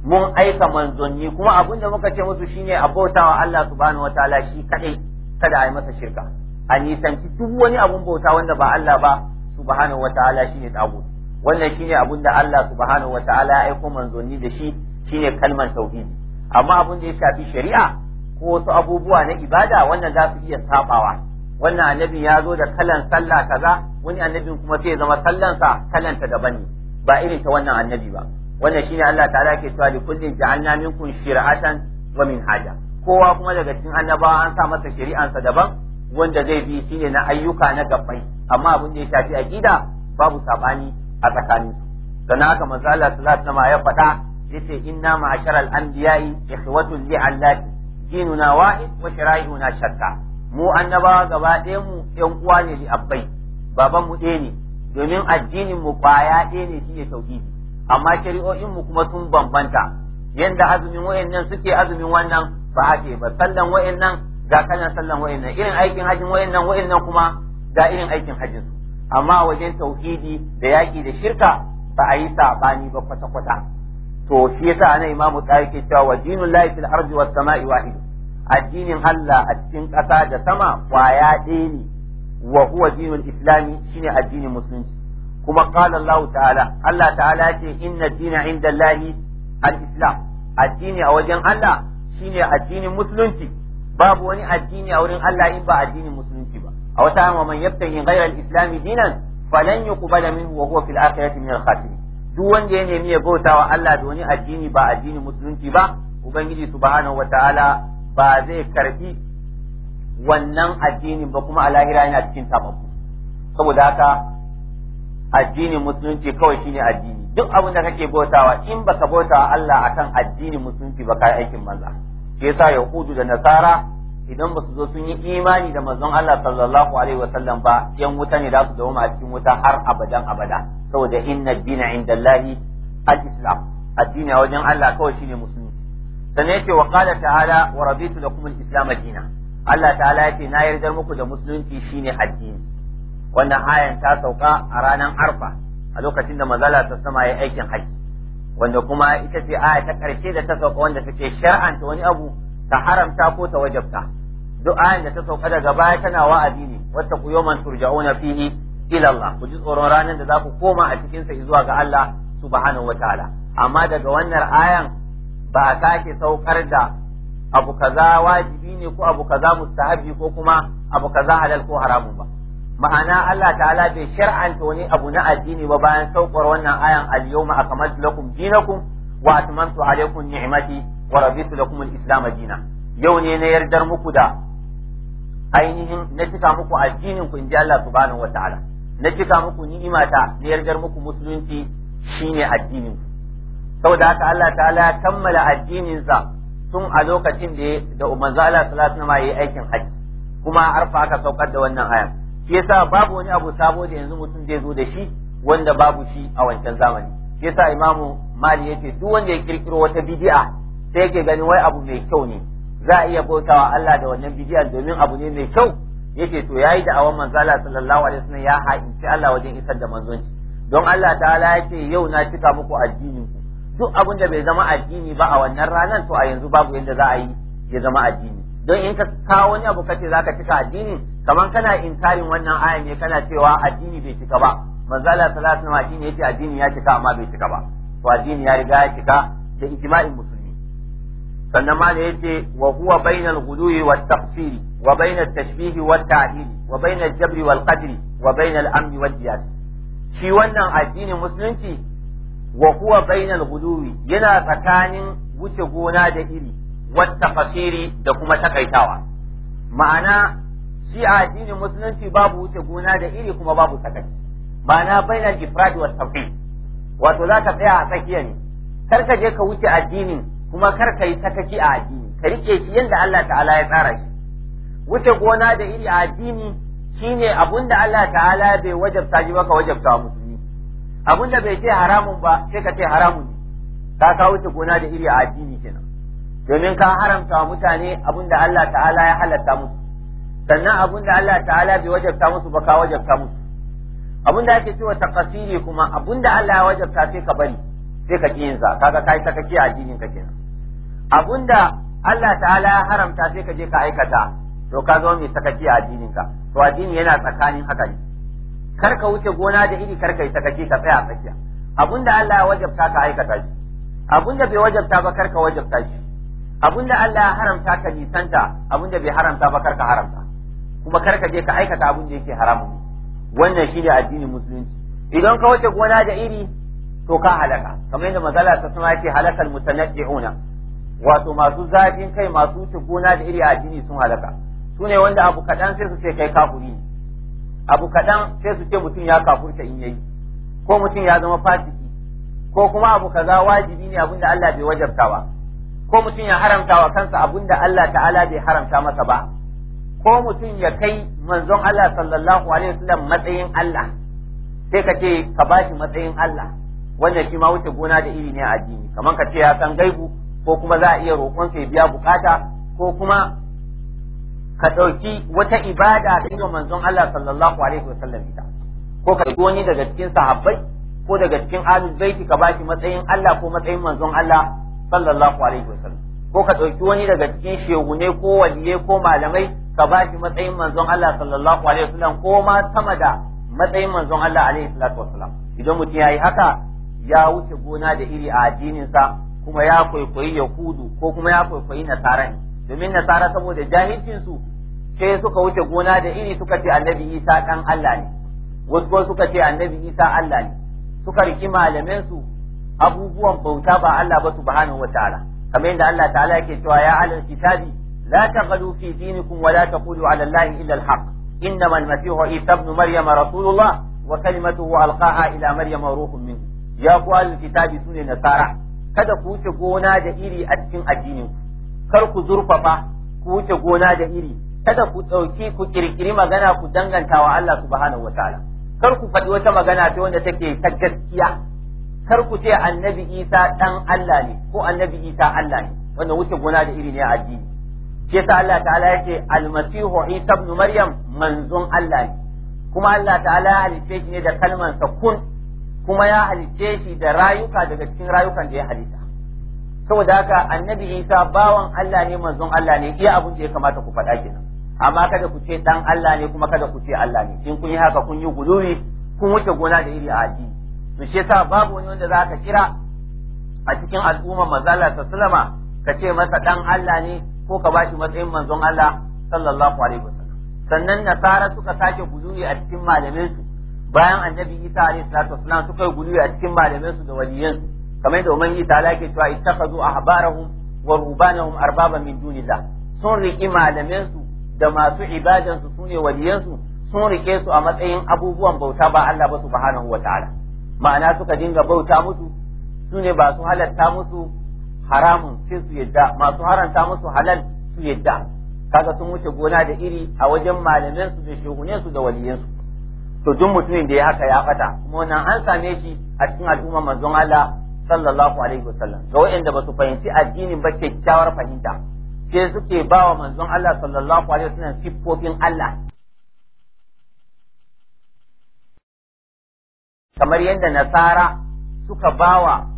mun aika manzonni kuma abin da muka ce musu shine a bautawa Allah subhanahu wataala shi kadai kada a yi masa shirka a nisanci duk wani abun bauta wanda ba Allah ba subhanahu wataala shine tagut wannan shine abun da Allah subhanahu wataala ya aiko manzonni da shi shine kalmar tauhidi amma abun da ya shafi shari'a ko wasu abubuwa na ibada wannan za su iya sabawa wannan annabi ya zo da kalan sallah kaza wani annabin kuma sai ya zama sallansa kalanta daban ne ba irin ta wannan annabi ba wannan shine Allah ta'ala ke cewa likullin ja'alna minkum shir'atan wa minhaja kowa kuma daga cikin annabawa an sa masa shari'ansa daban wanda zai bi shine na ayyuka na gabbai amma abin da ya shafi aqida babu sabani a tsakanin dan haka manzo Allah sallallahu alaihi ya faɗa yace inna ma'asharal anbiya'i ikhwatul li'allati dinuna wahid wa shara'una shatta mu annabawa gaba ɗaya mu ɗan uwa ne li abbai baban mu ɗaya ne domin addinin mu kwaya ɗaya ne shi ya tauhidi amma shari'o'in mu kuma sun bambanta yanda azumin wayannan suke azumin wannan ba ake ba sallan wayannan ga kana sallan wayannan irin aikin hajjin wayannan wayannan kuma ga irin aikin hajjin su amma wajen tauhidi da yaki da shirka ba a yi sabani ba kwata kwata to shi yasa ana imamu tsari ke cewa wa dinul lahi fil ardi was sama'i wahid addinin Allah a cikin ƙasa da sama kwaya ɗaya ne wa huwa dinul islami shine addinin musulunci kuma qala Allah ta'ala Allah ta'ala ce inna dina inda al-islam addini a wajen Allah shine addinin musulunci babu wani addini a wurin Allah in ba addinin musulunci ba a wata wa man yabtahi ghayra al islami dinan falan yuqbala minhu wa huwa fil akhirati min al-khasirin duk wanda ya nemi ya bauta Allah da wani addini ba addinin musulunci ba ubangiji subhanahu ta'ala ba zai karbi wannan addinin ba kuma a yana cikin tababbu saboda haka addinin musulunci kawai shine addini duk abin da kake bautawa in baka bauta Allah akan addinin musulunci ba kai aikin maza. shi yasa yahudu da nasara idan ba su zo sun yi imani da manzon Allah sallallahu alaihi wa sallam ba yan wuta ne za su dawo a cikin wuta har abadan abada saboda inna dina indallahi al-islam addini wajen Allah kawai shine musulmi sannan yace wa qala ta'ala wa rabitu lakum al-islam dina Allah ta'ala yace na yardar muku da musulunci shine addini wannan ayan ta sauka a ranar arfa a lokacin da manzala ta sama ya aikin haji wanda kuma ita ce aya ta ƙarshe da ta sauka wanda take shar'anta wani abu ta haramta ko ta wajabta duk ayan da ta sauka daga baya tana wa'azi ne wata ku yawman turja'una fihi ila Allah ku ji tsoron ranar da za ku koma a cikin sa zuwa ga Allah subhanahu wataala amma daga wannan ayan ba a sake saukar da abu kaza wajibi ne ko abu kaza mustahabi ko kuma abu kaza halal ko haramun ba ma'ana Allah ta'ala bai shar'anta wani abu na addini ba bayan saukar wannan ayan al-yawma akmaltu lakum dinakum wa atmamtu alaykum ni'mati wa raditu lakum al-islam dina. yau ne na yardar muku da ainihin na cika muku addinin ku inji Allah subhanahu wataala na cika muku ni'imata na yardar muku musulunci shine addinin ku saboda haka Allah ta'ala ya kammala addininsa tun a lokacin da da manzo Allah sallallahu alaihi wasallam yayi aikin haji kuma arfa aka saukar da wannan ayan yasa babu wani abu sabo da yanzu mutum zai zo da shi wanda babu shi a wancan zamani shi yasa imamu mali yace duk wanda ya kirkiro wata bid'a sai yake ganin wai abu mai kyau ne za a iya bautawa Allah da wannan bid'a domin abu ne mai kyau yace to yayi da awan manzo Allah sallallahu alaihi wasallam ya haƙi Allah wajen isar da manzonci don Allah ta'ala yace yau na cika muku addinin ku duk abin da bai zama addini ba a wannan ranar to a yanzu babu yadda za a yi ya zama addini don in ka kawo wani abu kace zaka cika addinin kaman kana inkarin wannan aya ne kana cewa addini bai cika ba manzala salatu na addini yace addini ya cika amma bai cika ba to addini ya riga ya cika da ijma'in musulmi sannan ma ne yace wa huwa bainal ghuluwi wat tafsiri wa bainat tashbihi wat ta'dil wa bainal jabri wal qadri wa bainal amri wal jihad shi wannan addinin musulunci wa huwa bainal ghuluwi yana tsakanin wuce gona da iri wata fasiri da kuma takaitawa ma'ana shi a addinin musulunci babu wuce gona da iri kuma babu sakaci ma'ana bainal ifradi wa tafsir wato za ka tsaya a tsakiya ne kar ka je ka wuce addinin kuma kar ka yi sakaci a addini ka rike shi yadda Allah ta'ala ya tsara shi wuce gona da iri a addini shine abun da Allah ta'ala bai wajabta ji ba ka wajabta musulmi abun da bai ce haramun ba sai ka ce haramun ka ka wuce gona da iri a addini kenan domin ka haramta wa mutane abin da Allah ta'ala ya halatta musu sannan abin da Allah ta'ala bai wajabta musu ba ka wajabta musu abin da ake cewa taqasiri kuma abin da Allah ya wajabta sai ka bari sai ka ki yinsa kaga kai sakaki a addinin ka kenan abin da Allah ta'ala ya haramta sai ka je ka aikata to ka zama mai sakaki a addinin ka to addini yana tsakanin haka ne kar ka wuce gona da iri kar ka yi sakaci ka tsaya a tsakiya abin da Allah ya wajabta ka aikata shi abin da bai wajabta ba kar ka wajabta shi abinda Allah ya haramta ka nisanta abinda bai haramta ba karka haramta kuma karka je ka aikata abin da yake haramun wannan shine addinin musulunci idan ka wuce gona da iri to ka halaka kamar yadda mazala ta suna yake halakal mutanaddi'una wato masu zafin kai masu wuce gona da iri a addini sun halaka su ne wanda abu kaɗan sai su ce kai kafuri abu kaɗan sai su ce mutum ya kafurta in yayi ko mutum ya zama fasiki ko kuma abu kaza wajibi ne abinda Allah bai wajabta ba ko mutum ya haramta wa kansa abun da Allah ta'ala bai haramta masa ba ko mutum ya kai manzon Allah sallallahu alaihi wasallam matsayin Allah sai ka ce ka bashi matsayin Allah wannan shi ma wuce gona da iri ne a addini kamar ka ce ya san gaibu ko kuma za a iya roƙon sai biya bukata ko kuma ka ɗauki wata ibada da yi manzon Allah sallallahu alaihi wasallam ita ko ka wani daga cikin sahabbai ko daga cikin ahlul baiti ka bashi matsayin Allah ko matsayin manzon Allah sallallahu alaihi wa sallam ko ka ɗauki wani daga cikin shegune ko waliye ko malamai ka ba shi matsayin manzon Allah sallallahu alaihi wa sallam ko ma sama da matsayin manzon Allah alaihi salatu sallam idan mutum yayi haka ya wuce gona da iri a addinin sa kuma ya kwaikwayi yahudu ko kuma ya kwaikwayi nasara ne domin nasara saboda jahilcin su sai suka wuce gona da iri suka ce annabi Isa dan Allah ne wasu suka ce annabi Isa Allah ne suka riki malaman su abubuwan bauta ba Allah ba subhanahu wa ta'ala kamar yadda Allah ta'ala yake cewa ya alal kitabi la taqulu fi dinikum wa la taqulu ala allahi illa al-haq innama al-masih isa ibn maryam rasulullah wa kalimatuhu alqaha ila maryam ruhun minhu ya ku alal kitabi sune nasara kada ku wuce gona da iri a cikin addinin kar ku zurfafa ku wuce gona da iri kada ku ɗauki ku kirkiri magana ku danganta wa Allah subhanahu wa ta'ala kar ku faɗi wata magana ta wanda take ta gaskiya kar ku ce annabi isa dan Allah ne ko annabi isa Allah ne wannan wuce gona da iri ne a addini shi yasa Allah ta'ala ya ce almasihu isa ibn maryam manzon Allah ne kuma Allah ta'ala ya halice shi ne da kalman sa kun kuma ya halice shi da rayuka daga cikin rayukan da ya halitta saboda haka annabi isa bawan Allah ne manzon Allah ne iya abun da ya kamata ku faɗa kenan amma kada ku ce dan Allah ne kuma kada ku ce Allah ne in kun yi haka kun yi gudubi kun wuce gona da iri a addini to shi yasa babu wani wanda zaka kira a cikin al'umma manzala ta sulama ka ce masa dan Allah ne ko ka bashi matsayin manzon Allah sallallahu alaihi wasallam sannan nasara suka sake guduri a cikin malamin su bayan annabi Isa alaihi salatu wasallam suka guduri a cikin malamin su da waliyan su kamar yadda umangi ta lake cewa ittakhadhu ahbarahum wa rubanahum arbaba min dunillah sun riƙi malamin su da masu ibadansu su ne su sun rike su a matsayin abubuwan bauta ba Allah ba subhanahu wa ma'ana suka dinga bauta musu su ne ba su halatta musu haramun sai su yadda masu haranta musu halal su yadda kaga sun wuce gona da iri a wajen malamin su da shugunen su da waliyan su to duk mutumin da ya haka ya fata kuma wannan an same shi a cikin al'ummar manzon Allah sallallahu alaihi wasallam ga wanda ba su fahimci addinin ba kyakkyawar fahimta sai suke bawa wa manzon Allah sallallahu alaihi wasallam siffofin Allah kamar yadda nasara suka bawa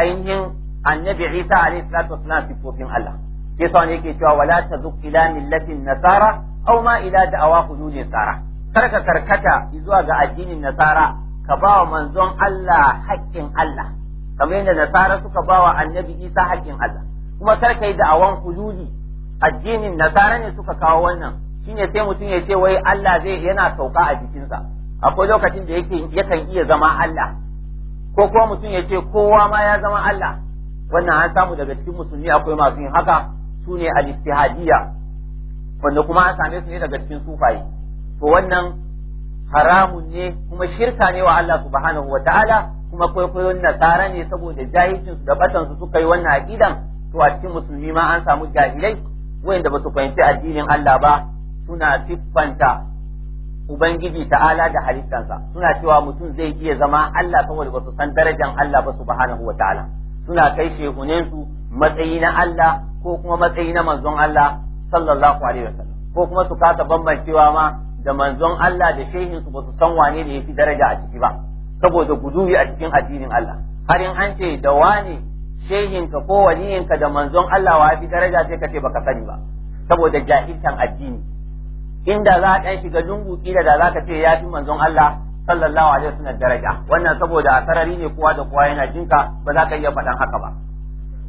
ainihin annabi Isa alaihi salatu wassalam sifofin Allah ke sa ne yake cewa wala tazuk ila millatin nasara aw ma ila da'awa hududin sara ka karkata zuwa ga addinin nasara ka bawa manzon Allah haƙƙin Allah kamar yadda nasara suka bawa annabi Isa haƙƙin Allah kuma ka yi da'awan hududi addinin nasara ne suka kawo wannan shine sai mutum ya ce wai Allah zai yana sauka a jikinsa akwai lokacin da yake yakan iya zama Allah ko kuma mutum ya ce kowa ma ya zama Allah wannan an samu daga cikin musulmi akwai masu yin haka su ne al-istihadiyya wanda kuma an same su ne daga cikin sufaye to wannan haramun ne kuma shirka ne wa Allah subhanahu wa ta'ala kuma kwaikwayon nasara ne saboda jahilcin su da batan su suka yi wannan aqidan to a cikin musulmi ma an samu jahilai wanda ba su fahimci addinin Allah ba suna fiffanta ubangiji ta'ala da halittansa suna cewa mutum zai iya zama Allah saboda ba su san darajan Allah ba subhanahu wa ta'ala suna kai shehunen su matsayi na Allah ko kuma matsayi na manzon Allah sallallahu alaihi wasallam ko kuma su kasa bambancewa ma da manzon Allah da shehin su ba su san wane ne yafi daraja a ciki ba saboda guduwi a cikin addinin Allah har in an ce da wane shehin ka ko waliyin ka da manzon Allah wa fi daraja sai ka ce baka sani ba saboda jahiltan addini inda za a ɗan shiga lungu kila da zaka ce ya fi manzon Allah sallallahu alaihi wasallam daraja wannan saboda a sarari ne kowa da kowa yana jinka ba za ka iya faɗan haka ba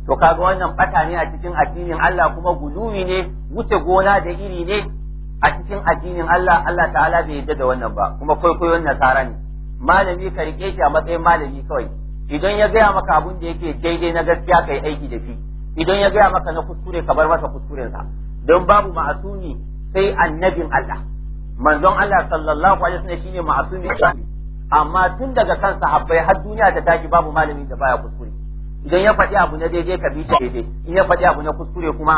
to kaga wannan bata ne a cikin addinin Allah kuma guduwi ne wuce gona da iri ne a cikin addinin Allah Allah ta'ala bai yadda da wannan ba kuma kwaikwayon nasara ne malami ka rike shi a matsayin malami kawai idan ya gaya maka abun da yake daidai na gaskiya kai aiki da shi idan ya gaya maka na kuskure ka bar masa kuskurensa don babu ma'asumi sai annabin Allah manzon Allah sallallahu alaihi wasallam shine ma'asumi amma tun daga kan sahabbai har duniya ta tashi babu malamin da baya kuskure idan ya faɗi abu na daidai ka bi shi daidai in ya faɗi abu na kuskure kuma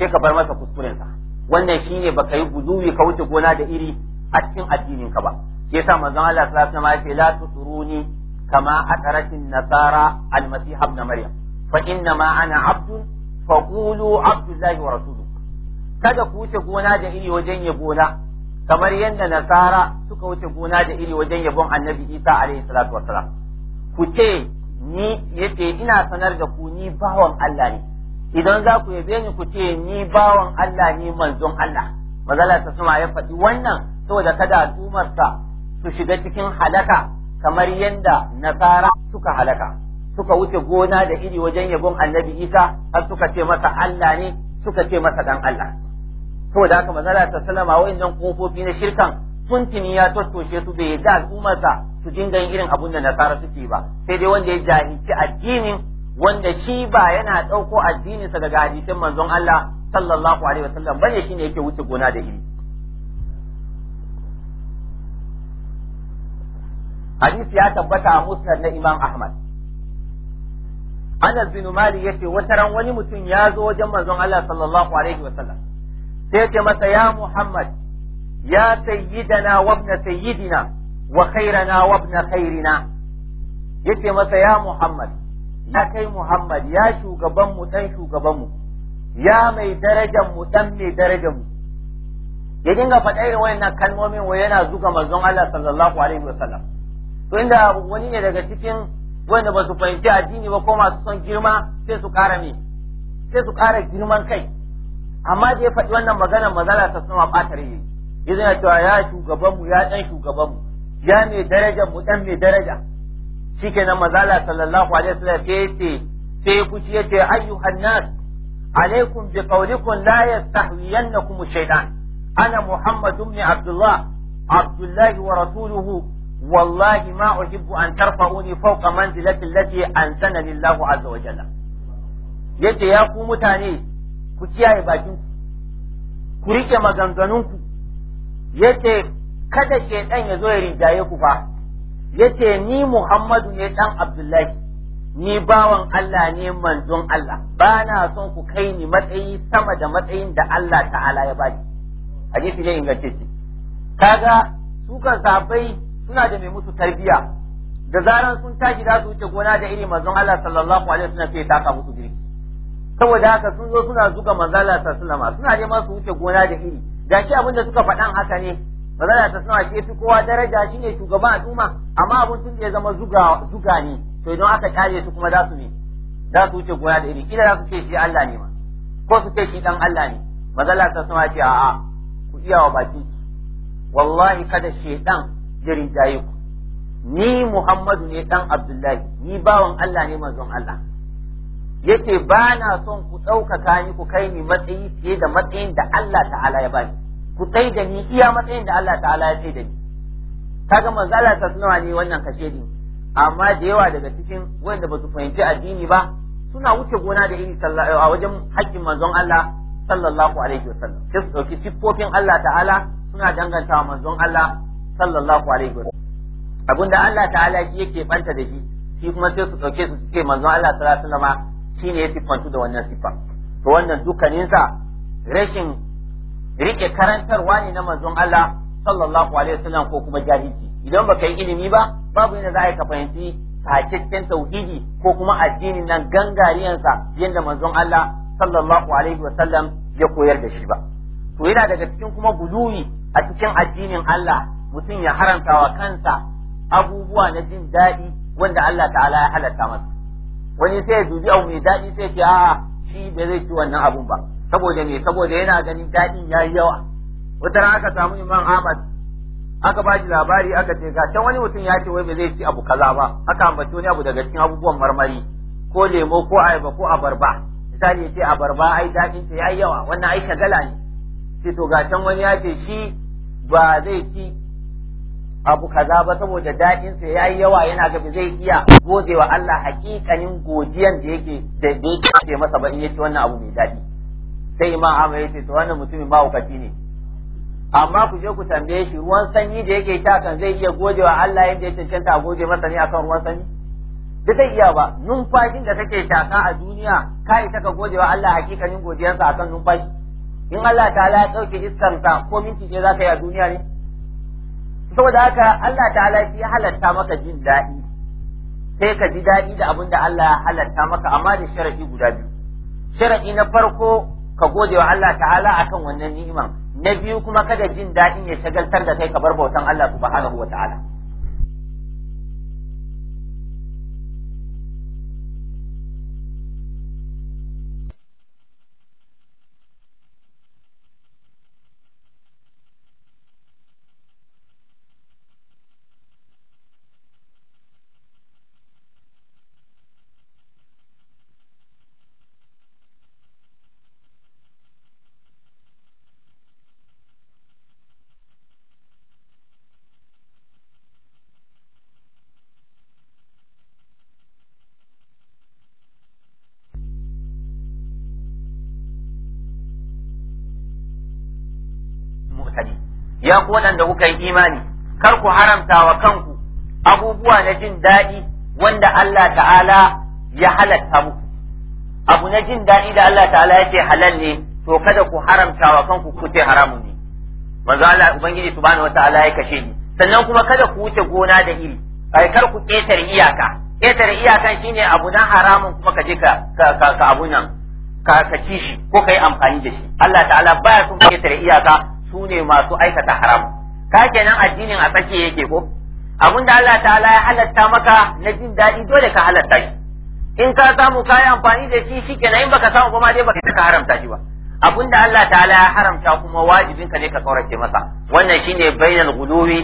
sai ka bar masa kuskurensa wannan shine baka yi guduwi ka wuce gona da iri a cikin addinin ka ba shi yasa manzon Allah sallallahu alaihi wasallam ya ce la tusuruni kama ataratin nasara almasih ibn maryam fa inna ma ana abdun abdullahi wa rasuluhu kada ku wuce gona da iri wajen yabo na kamar yadda nasara suka wuce gona da iri wajen yabon annabi isa alaihi salatu wassalam ku ce ni yace ina sanar da ku ni bawan Allah ne idan za ku yabe ni ku ce ni bawan Allah ne manzon Allah mazala ta suma ya faɗi wannan saboda kada al'ummarsa su shiga cikin halaka kamar yadda nasara suka halaka suka wuce gona da iri wajen yabon annabi isa har suka ce masa Allah ne suka ce masa dan Allah saboda haka manzala ta sallama wa'annan kofofi na shirkan tuntuni ya tattoshe su bai yadda al'ummarsa su dinga yin irin abun da nasara suke ba sai dai wanda ya jahilci addinin wanda shi ba yana ɗauko addininsa daga hadisin manzon Allah sallallahu alaihi wasallam bane shine yake wuce gona da iri hadisi ya tabbata a musnad na Imam Ahmad Anas bin Malik yace wataran wani mutum ya zo wajen manzon Allah sallallahu sai ce masa ya Muhammad ya sayyidana wa ibn sayyidina wa khairana wa ibn khairina yace masa ya Muhammad ya kai Muhammad ya shugaban mu dan shugaban mu ya mai darajar mu dan mai darajar mu ya dinga faɗa irin wayannan kalmomin wa yana zuga manzon Allah sallallahu alaihi wasallam to inda wani ne daga cikin wanda ba su fahimci addini ba ko masu son girma sai su ƙara sai su ƙara girman kai amma da ya faɗi wannan magana mazala ta sama ɓatar yi yana cewa ya shugabanmu ya ɗan shugabanmu ya mai daraja mu ɗan mai daraja shikenan mazala sallallahu alaihi wasallam sai yace sai kuci yace ayyuhan nas alaikum bi qawlikum la yastahwiyannakum shaytan ana muhammad ibn abdullah Abdullahi wa rasuluhu wallahi ma uhibbu an tarfa'uni fawqa manzilati allati ansana lillahu azza wa jalla yace ya ku mutane ku kiyaye bakin ku rike maganganunku yace kada shedan ya zo ya rinjaye ku fa yace ni Muhammadu ne dan Abdullahi ni bawan Allah ne manzon Allah ba na son ku kai ni matsayi sama da matsayin da Allah ta'ala ya bani hadisi ne ingantacce kaga su kan sabai suna da mai musu tarbiya da zaran sun tashi za su wuce gona da iri manzon Allah sallallahu alaihi wasallam sai taka musu girki saboda haka sun zo suna zuga manzala ta sallama suna neman su wuce gona da iri gashi abin da suka faɗan haka ne manzala ta sallama shi fi kowa daraja shi ne shugaban al'umma amma abin tun da ya zama zuga zuga ne to idan aka kare su kuma za su ne za su wuce gona da iri kila za su ce shi Allah ne ma ko su ce shi dan Allah ne manzala ta ce a'a ku iya wa baki wallahi kada shedan ya rinjaye ku ni Muhammadu ne dan Abdullahi ni bawan Allah ne manzon Allah yace ba na son ku ɗaukaka ni ku kai ni matsayi fiye da matsayin da Allah ta'ala ya bani ku tsai da ni iya matsayin da Allah ta'ala ya tsai da ni kaga ga Manzala ta suna ne wannan kashe ni amma da yawa daga cikin wanda ba su fahimci addini ba suna wuce gona da iri a wajen haƙƙin manzon Allah sallallahu alaihi wasallam sai su ɗauki siffofin Allah ta'ala suna dangantawa manzon Allah sallallahu alaihi wasallam abinda Allah ta'ala shi yake banta da shi shi kuma sai su ɗauke su suke manzon Allah sallallahu alaihi wasallam ne ya siffantu da wannan siffa to wannan dukkaninsa rashin rike karantarwa ne na manzon Allah sallallahu alaihi wasallam ko kuma jahilci idan baka yi ilimi ba babu yadda za ka fahimci cikakken tauhidi ko kuma addinin nan gangariyansa yadda manzon Allah sallallahu alaihi wasallam ya koyar da shi ba to yana daga cikin kuma guluwi a cikin addinin Allah mutum ya haramta wa kansa abubuwa na jin daɗi wanda Allah ta'ala ya halatta masa wani sai ya dubi abu mai daɗi sai ce a'a shi ba zai ci wannan abun ba saboda me saboda yana ganin daɗin yayi yawa wata aka samu imam Ahmad aka ba shi labari aka ce ga can wani mutum ya ce wai ba zai ci abu kaza ba aka ambaci wani abu daga cikin abubuwan marmari ko lemo ko ayaba ko abarba misali ya ce abarba ai daɗin ta yayi yawa wannan ai shagala ne sai to ga can wani ya ce shi ba zai ci abu kaza ba saboda daɗin sa yayi yawa yana ga zai iya godewa Allah hakikanin godiyan da yake da yake masa ba in yace wannan abu mai daɗi sai imam Ahmad yace to wannan mutumin ba wakati ne amma ku je ku tambaye shi ruwan sanyi da yake ta kan zai iya godewa Allah yadda ya cancanta a gode masa ne akan ruwan sanyi da zai iya ba numfashin da kake taka a duniya ka yi ka godewa Allah hakikanin godiyansa akan numfashi in Allah ta ya dauke iskansa ko minti ce za ka yi a duniya ne saboda haka Allah ta'ala shi ya halatta maka jin daɗi sai ka ji daɗi da abin da Allah ya halatta maka amma da sharaɗi guda biyu sharaɗi na farko ka gode wa Allah ta'ala akan wannan ni'iman na biyu kuma kada jin daɗin ya shagaltar da kai ka bar bautan Allah subhanahu wa ta'ala ya ku waɗanda kuka yi imani kar ku haramta wa kanku abubuwa na jin daɗi wanda Allah ta'ala ya halatta muku abu na jin daɗi da Allah ta'ala ya ce halal ne to kada ku haramta wa kanku ku ce haramun ne manzo Allah ubangiji subhanahu wataala ya kashe ni sannan kuma kada ku wuce gona da iri kai kar ku ƙetare iyaka ƙetare iyakan shine abu na haramun kuma ka je ka ka abu nan ka ka ci shi ko kai amfani da shi Allah ta'ala baya son ƙetare iyaka su ne masu aikata haram ka kenan addinin a tsake yake ko abinda Allah ta'ala ya halatta maka na jin daɗi dole ka halatta shi in ka samu ka yi amfani da shi shikenan in baka samu ba ma dai baka ka haramta shi ba abinda Allah ta'ala ya haramta kuma wajibin ka ne ka kaurace masa wannan shine bainal ghuluwi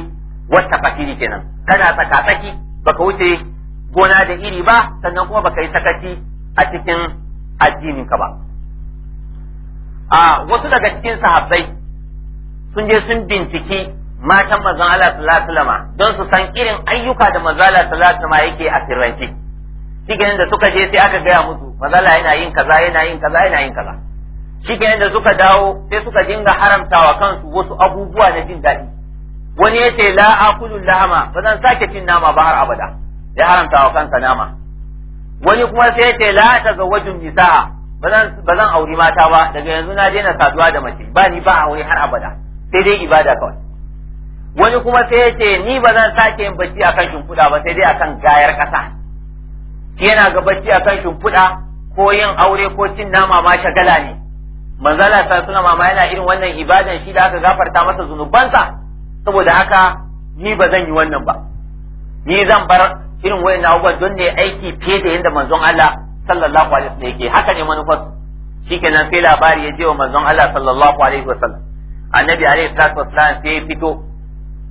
wata fakiri kenan kana tsaka tsaki baka wuce gona da iri ba sannan kuma baka yi sakaci a cikin addinin ka ba a ah, wasu daga cikin sahabbai sun je sun binciki matan mazan Allah sallallahu alaihi don su san irin ayyuka da mazan Allah sallallahu alaihi yake a sirrance shikenan da suka je sai aka gaya musu mazala yana yin kaza yana yin kaza yana yin kaza shikenan da suka dawo sai suka dinga haramtawa kansu wasu abubuwa na jin daɗi wani ya ce la akulu lahama ba zan sake cin nama ba har abada ya haramtawa kansa nama wani kuma sai ya ce la tazawwajun nisaa ba zan auri mata ba daga yanzu na daina saduwa da mace ba ni ba aure har abada sai dai ibada kawai wani kuma sai yace ni ba zan sake yin bacci akan shimfiɗa ba sai dai akan gayar ƙasa yana ga bacci akan shimfiɗa ko yin aure ko cin nama ma shagala ne manzala ta suna mama yana irin wannan ibadan shi da aka gafarta masa zunubansa saboda haka ni ba zan yi wannan ba ni zan bar irin wayan abubuwan don ne aiki fiye da yadda manzon Allah sallallahu alaihi wasallam yake haka ne manufarsu shikenan sai labari ya je wa manzon Allah sallallahu alaihi wasallam annabi alaihi salatu wassalam sai ya fito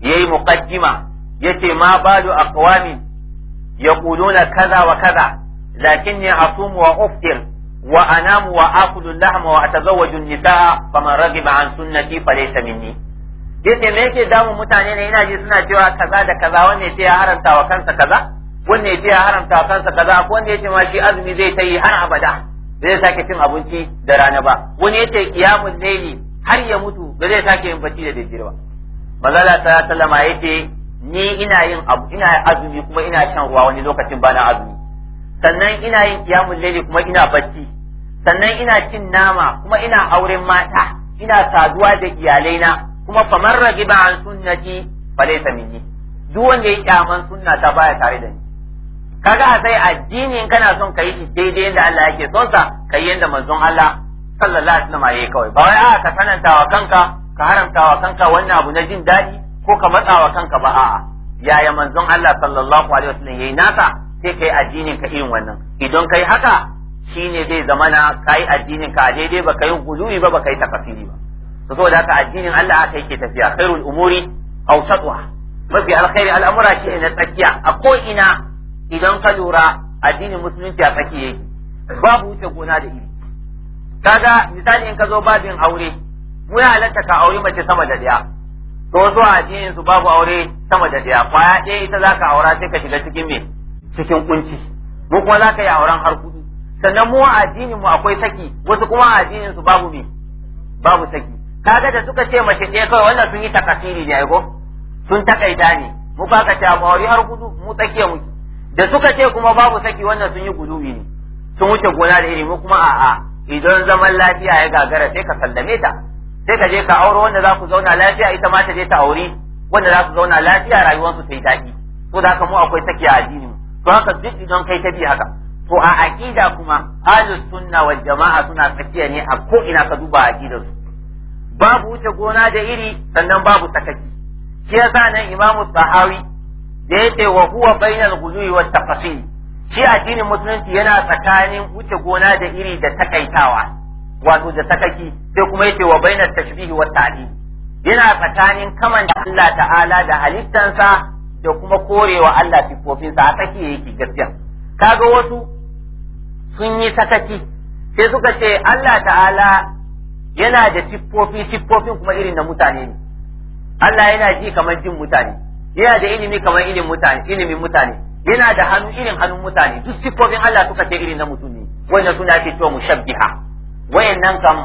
yayi muqaddima yace ma balu aqwamin yaquluna kaza wa kaza lakinni asum wa uftir wa anamu wa akulu al-lahm wa atazawwaju an-nisaa faman raghiba an sunnati falaysa minni yace me yake damun mutane ne ina ji suna cewa kaza da kaza wanne ce ya haramta wa kansa kaza wanne ce ya haramta wa kansa kaza ko wanne yace ma shi azumi zai ta yi har abada zai sake cin abinci da rana ba wani yace qiyamul layli har ya mutu ba zai sake yin bacci da daddare ba mazala ta sallama yace ni ina yin abu ina azumi kuma ina shan ruwa wani lokacin bana azumi sannan ina yin qiyamul layli kuma ina bacci sannan ina cin nama kuma ina auren mata ina saduwa da iyalaina kuma famar ragiba an sunnati falaysa minni duk wanda ya kyaman sunna ta baya tare da ni kaga sai addinin kana son kai shi daidai yadda Allah yake son sa kai yadda manzon Allah sallallahu alaihi wasallam yayi kawai ba wai a ka sananta wa kanka ka haramta wa kanka wannan abu na jin daɗi ko ka matsa wa kanka ba a'a yaya manzon Allah sallallahu alaihi wasallam yayi nasa sai kai addinin ka irin wannan idan kai haka shine zai zamana kai addinin ka daidai ba kai guduri ba ba kai takafiri ba to saboda haka addinin Allah haka yake tafiya khairul umuri awsatuha mafi alkhairi al'amura shine na tsakiya a ko ina idan ka lura addinin musulunci a tsakiya yake babu wuce gona da iri kaga misali in ka zo babin aure mu ya halatta ka aure mace sama da daya to zo a addinin su babu aure sama da daya kwaya ɗaya ita zaka aura sai ka shiga cikin me cikin kunci mu kuma zaka yi auren har kudu sannan mu a addinin mu akwai saki wasu kuma a addinin su babu me babu saki kaga da suka ce mace ɗaya kawai wannan sun yi takasiri ne aiko sun takaita ne mu ba ka ta aure har kudu mu tsakiya muke da suka ce kuma babu saki wannan sun yi gudubi ne sun wuce gona da iri mu kuma a'a idan zaman lafiya ya gagara sai ka sallame ta sai ka je ka auro wanda za ku zauna lafiya ita ma ta je ta aure wanda za ku zauna lafiya rayuwarsu ta yi daɗi to da haka mu akwai takiya addini mu to haka duk idan kai ta bi haka to a aqida kuma ahlus sunna wal jama'a suna tsakiya ne a ko ina ka duba aqidar su babu wuce gona da iri sannan babu sakaki shi yasa nan imamu sahawi da yake wa huwa bainal ghuluwi wat tafsil shi addinin musulunci yana tsakanin wuce gona da iri da takaitawa wato da takaki sai kuma yake wa bainar tashbihi wa ta'dil yana tsakanin kaman da Allah ta'ala da halittansa da kuma korewa Allah sifofinsa a tsakiya yake gaskiya kaga wasu sun yi takaki sai suka ce Allah ta'ala yana da siffofi siffofin kuma irin na mutane ne Allah yana ji kamar jin mutane yana da ilimi kamar ilimin mutane ilimin mutane yana da hannu irin hannun mutane duk siffofin Allah suka ce irin na mutum ne wannan suna ake cewa mushabbiha wayannan kam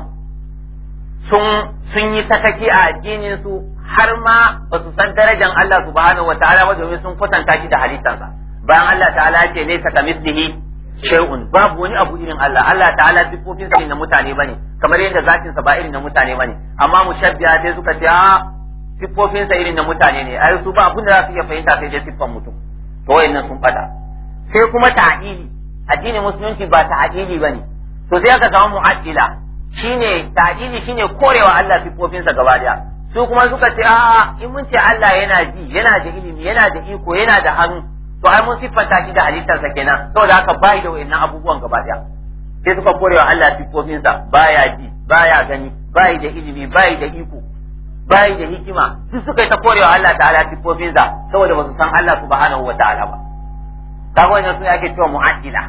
sun sun yi takaki a addinin su har ma ba su san darajar Allah subhanahu wataala ba domin sun kwatanta shi da halittarsa bayan Allah ta'ala ya ne laysa kamithlihi shay'un babu wani abu irin Allah Allah ta'ala siffofin sa na mutane bane kamar yadda zatin sa ba irin na mutane bane amma mushabbiha sai suka ce a ah, siffofin sa irin na mutane ne ai su ba abun da za su iya fahimta sai dai siffan mutum to wayannan sun fada sai kuma ta'ili addinin musulunci ba ta'ili bane to sai aka samu mu'addila shine ta'ili shine korewa Allah sa gaba daya su kuma suka ce a in mun ce Allah yana ji yana da ilimi yana da iko yana da hannu to ai mun siffanta shi da sa kenan saboda haka bai da wayannan abubuwan gaba daya sai suka korewa Allah sa baya ji baya gani bai da ilimi bai da iko bai da hikima su suka yi ta korewa Allah ta'ala sifofinsa saboda ba su san Allah subhanahu wa ta'ala ba kaga wannan sun ake cewa mu'addila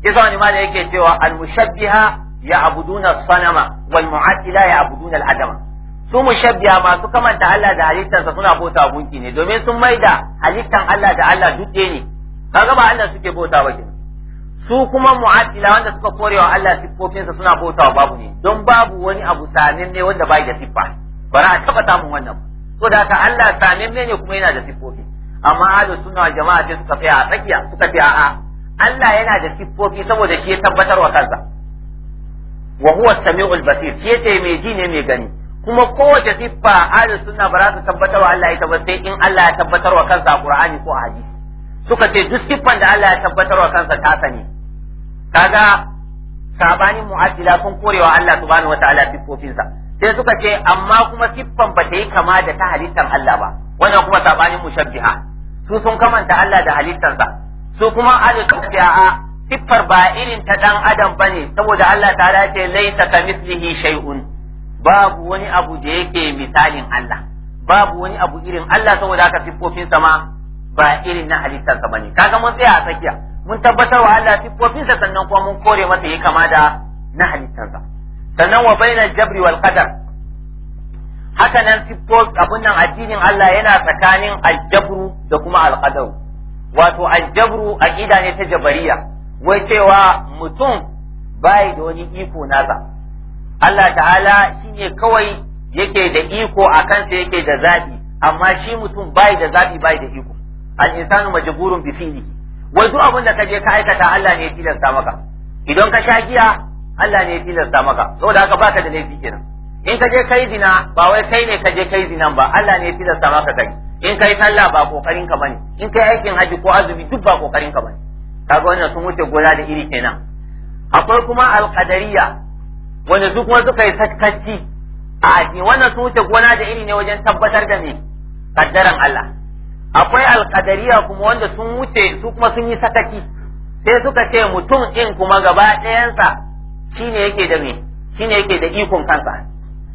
kisa wani ma da yake cewa al-mushabbiha ya'buduna sanama wal mu'addila ya'buduna al-adama su mushabbiha masu kamanta Allah da sa suna bauta gunki ne domin sun maida halittan Allah da Allah duk ne kaga ba Allah suke bauta ba kenan su kuma mu'addila wanda suka korewa Allah sa suna bauta babu ne don babu wani abu sanin ne wanda bai da siffa Bara za a taba samun wannan so da ka Allah me ne kuma yana da siffofi amma ahlus sunna jama'a sai suka fiya a tsakiya suka fiya a Allah yana da sifofi saboda shi ya tabbatar wa kansa wa huwa samiul basir shi yake mai ji ne mai gani kuma kowace siffa ahlus sunna ba za su tabbatar wa Allah ita ba sai in Allah ya tabbatar wa kansa a Qur'ani ko a hadisi suka ce duk siffan da Allah ya tabbatar wa kansa ta sani kaga sabanin mu'addila sun korewa Allah subhanahu wataala siffofinsa sai suka ce amma kuma siffan ba ta yi kama da ta halittar Allah ba wannan kuma sabanin mushabbiha su sun kamanta Allah da halittarsa su kuma ala suka ce a'a siffar ba irin ta dan adam bane saboda Allah ta ce laisa mislihi shay'un babu wani abu da yake misalin Allah babu wani abu irin Allah saboda haka siffofin sama ba irin na halittarsa bane kaga mun tsaya a tsakiya mun tabbatar wa Allah siffofinsa sannan kuma mun kore masa yayi kama da na halittarsa sannan wa bainal jabri wal qadar haka nan siffos abun nan addinin Allah yana tsakanin aljabru da kuma alqadar wato aljabru aqida ne ta jabariya wai cewa mutum bai da wani iko nasa Allah ta'ala shine kawai yake da iko a kansa yake da zabi amma shi mutum bai da zabi bai da iko al insanu majburun bi fi'li wai duk abin da kaje ka aikata Allah ne ya tilasta maka idan ka sha giya Allah ne ya tilasta maka saboda haka baka da laifi kenan in ka je kai zina ba wai kai ne ka je kai zinan ba Allah ne ya tilasta maka kai in kai sallah ba kokarin ka bane in kai aikin haji ko azumi duk ba kokarin ka bane kaga wannan sun wuce gona da iri kenan akwai kuma alqadariya wanda duk wanda suka yi sakkaci a addini wannan sun wuce gona da iri ne wajen tabbatar da me kaddaran Allah akwai alqadariya kuma wanda sun wuce su kuma sun yi sakaci. sai suka ce mutum in kuma gaba ɗayansa shine yake da me shine yake da ikon kansa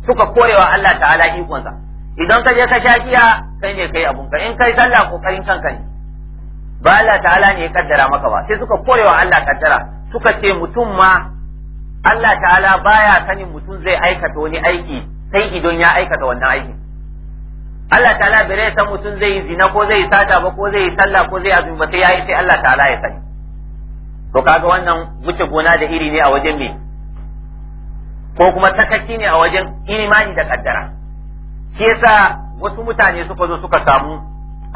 suka korewa Allah ta'ala ikonsa idan ka je ka sha giya kai ne kai abun ka in kai sallah kokarin kanka ne ba Allah ta'ala ne ya kaddara maka ba sai suka korewa Allah kaddara suka ce mutum ma Allah ta'ala baya sanin mutum zai aikata wani aiki sai idan ya aikata wannan aiki Allah ta'ala bai rai san mutum zai yi zina ko zai sata ba ko zai yi sallah ko zai azumi ba sai ya yi sai Allah ta'ala ya sani to kaga wannan wuce gona da iri ne a wajen me ko kuma takaki ne a wajen imani da kaddara shi yasa wasu mutane suka zo suka samu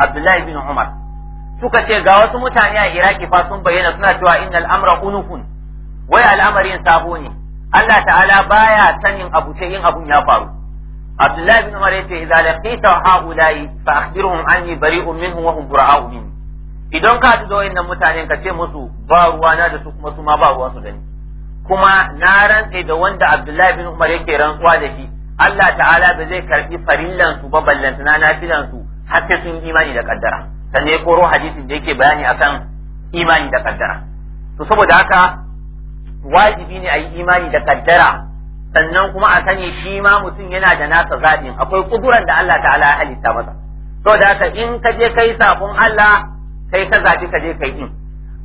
Abdullahi bin Umar suka ce ga wasu mutane a Iraki fa sun bayyana suna cewa innal amra unukun? wai al'amarin sabo ne Allah ta'ala baya sanin abu sai yin abun ya faru Abdullahi bin Umar yace idza laqita haula'i fa akhbirhum anni bari'un minhum wa hum bura'u minni idan ka ji da wayannan mutanen ka ce musu ba ruwana da su kuma su ma ba ruwa da ni kuma na rantse da wanda Abdullahi bin Umar yake rantsuwa da shi Allah ta'ala ba zai karbi farillan su ba ballantana na filan su har sai sun imani da kaddara sannan ne koro hadisin da yake bayani akan imani da kaddara to saboda haka wajibi ne a yi imani da kaddara sannan kuma a sani shi ma mutum yana da nasa zaɓin akwai kuduran da Allah ta'ala ya halitta masa Saboda haka in ka je kai sabon Allah kai ka zaɓi ka je kai din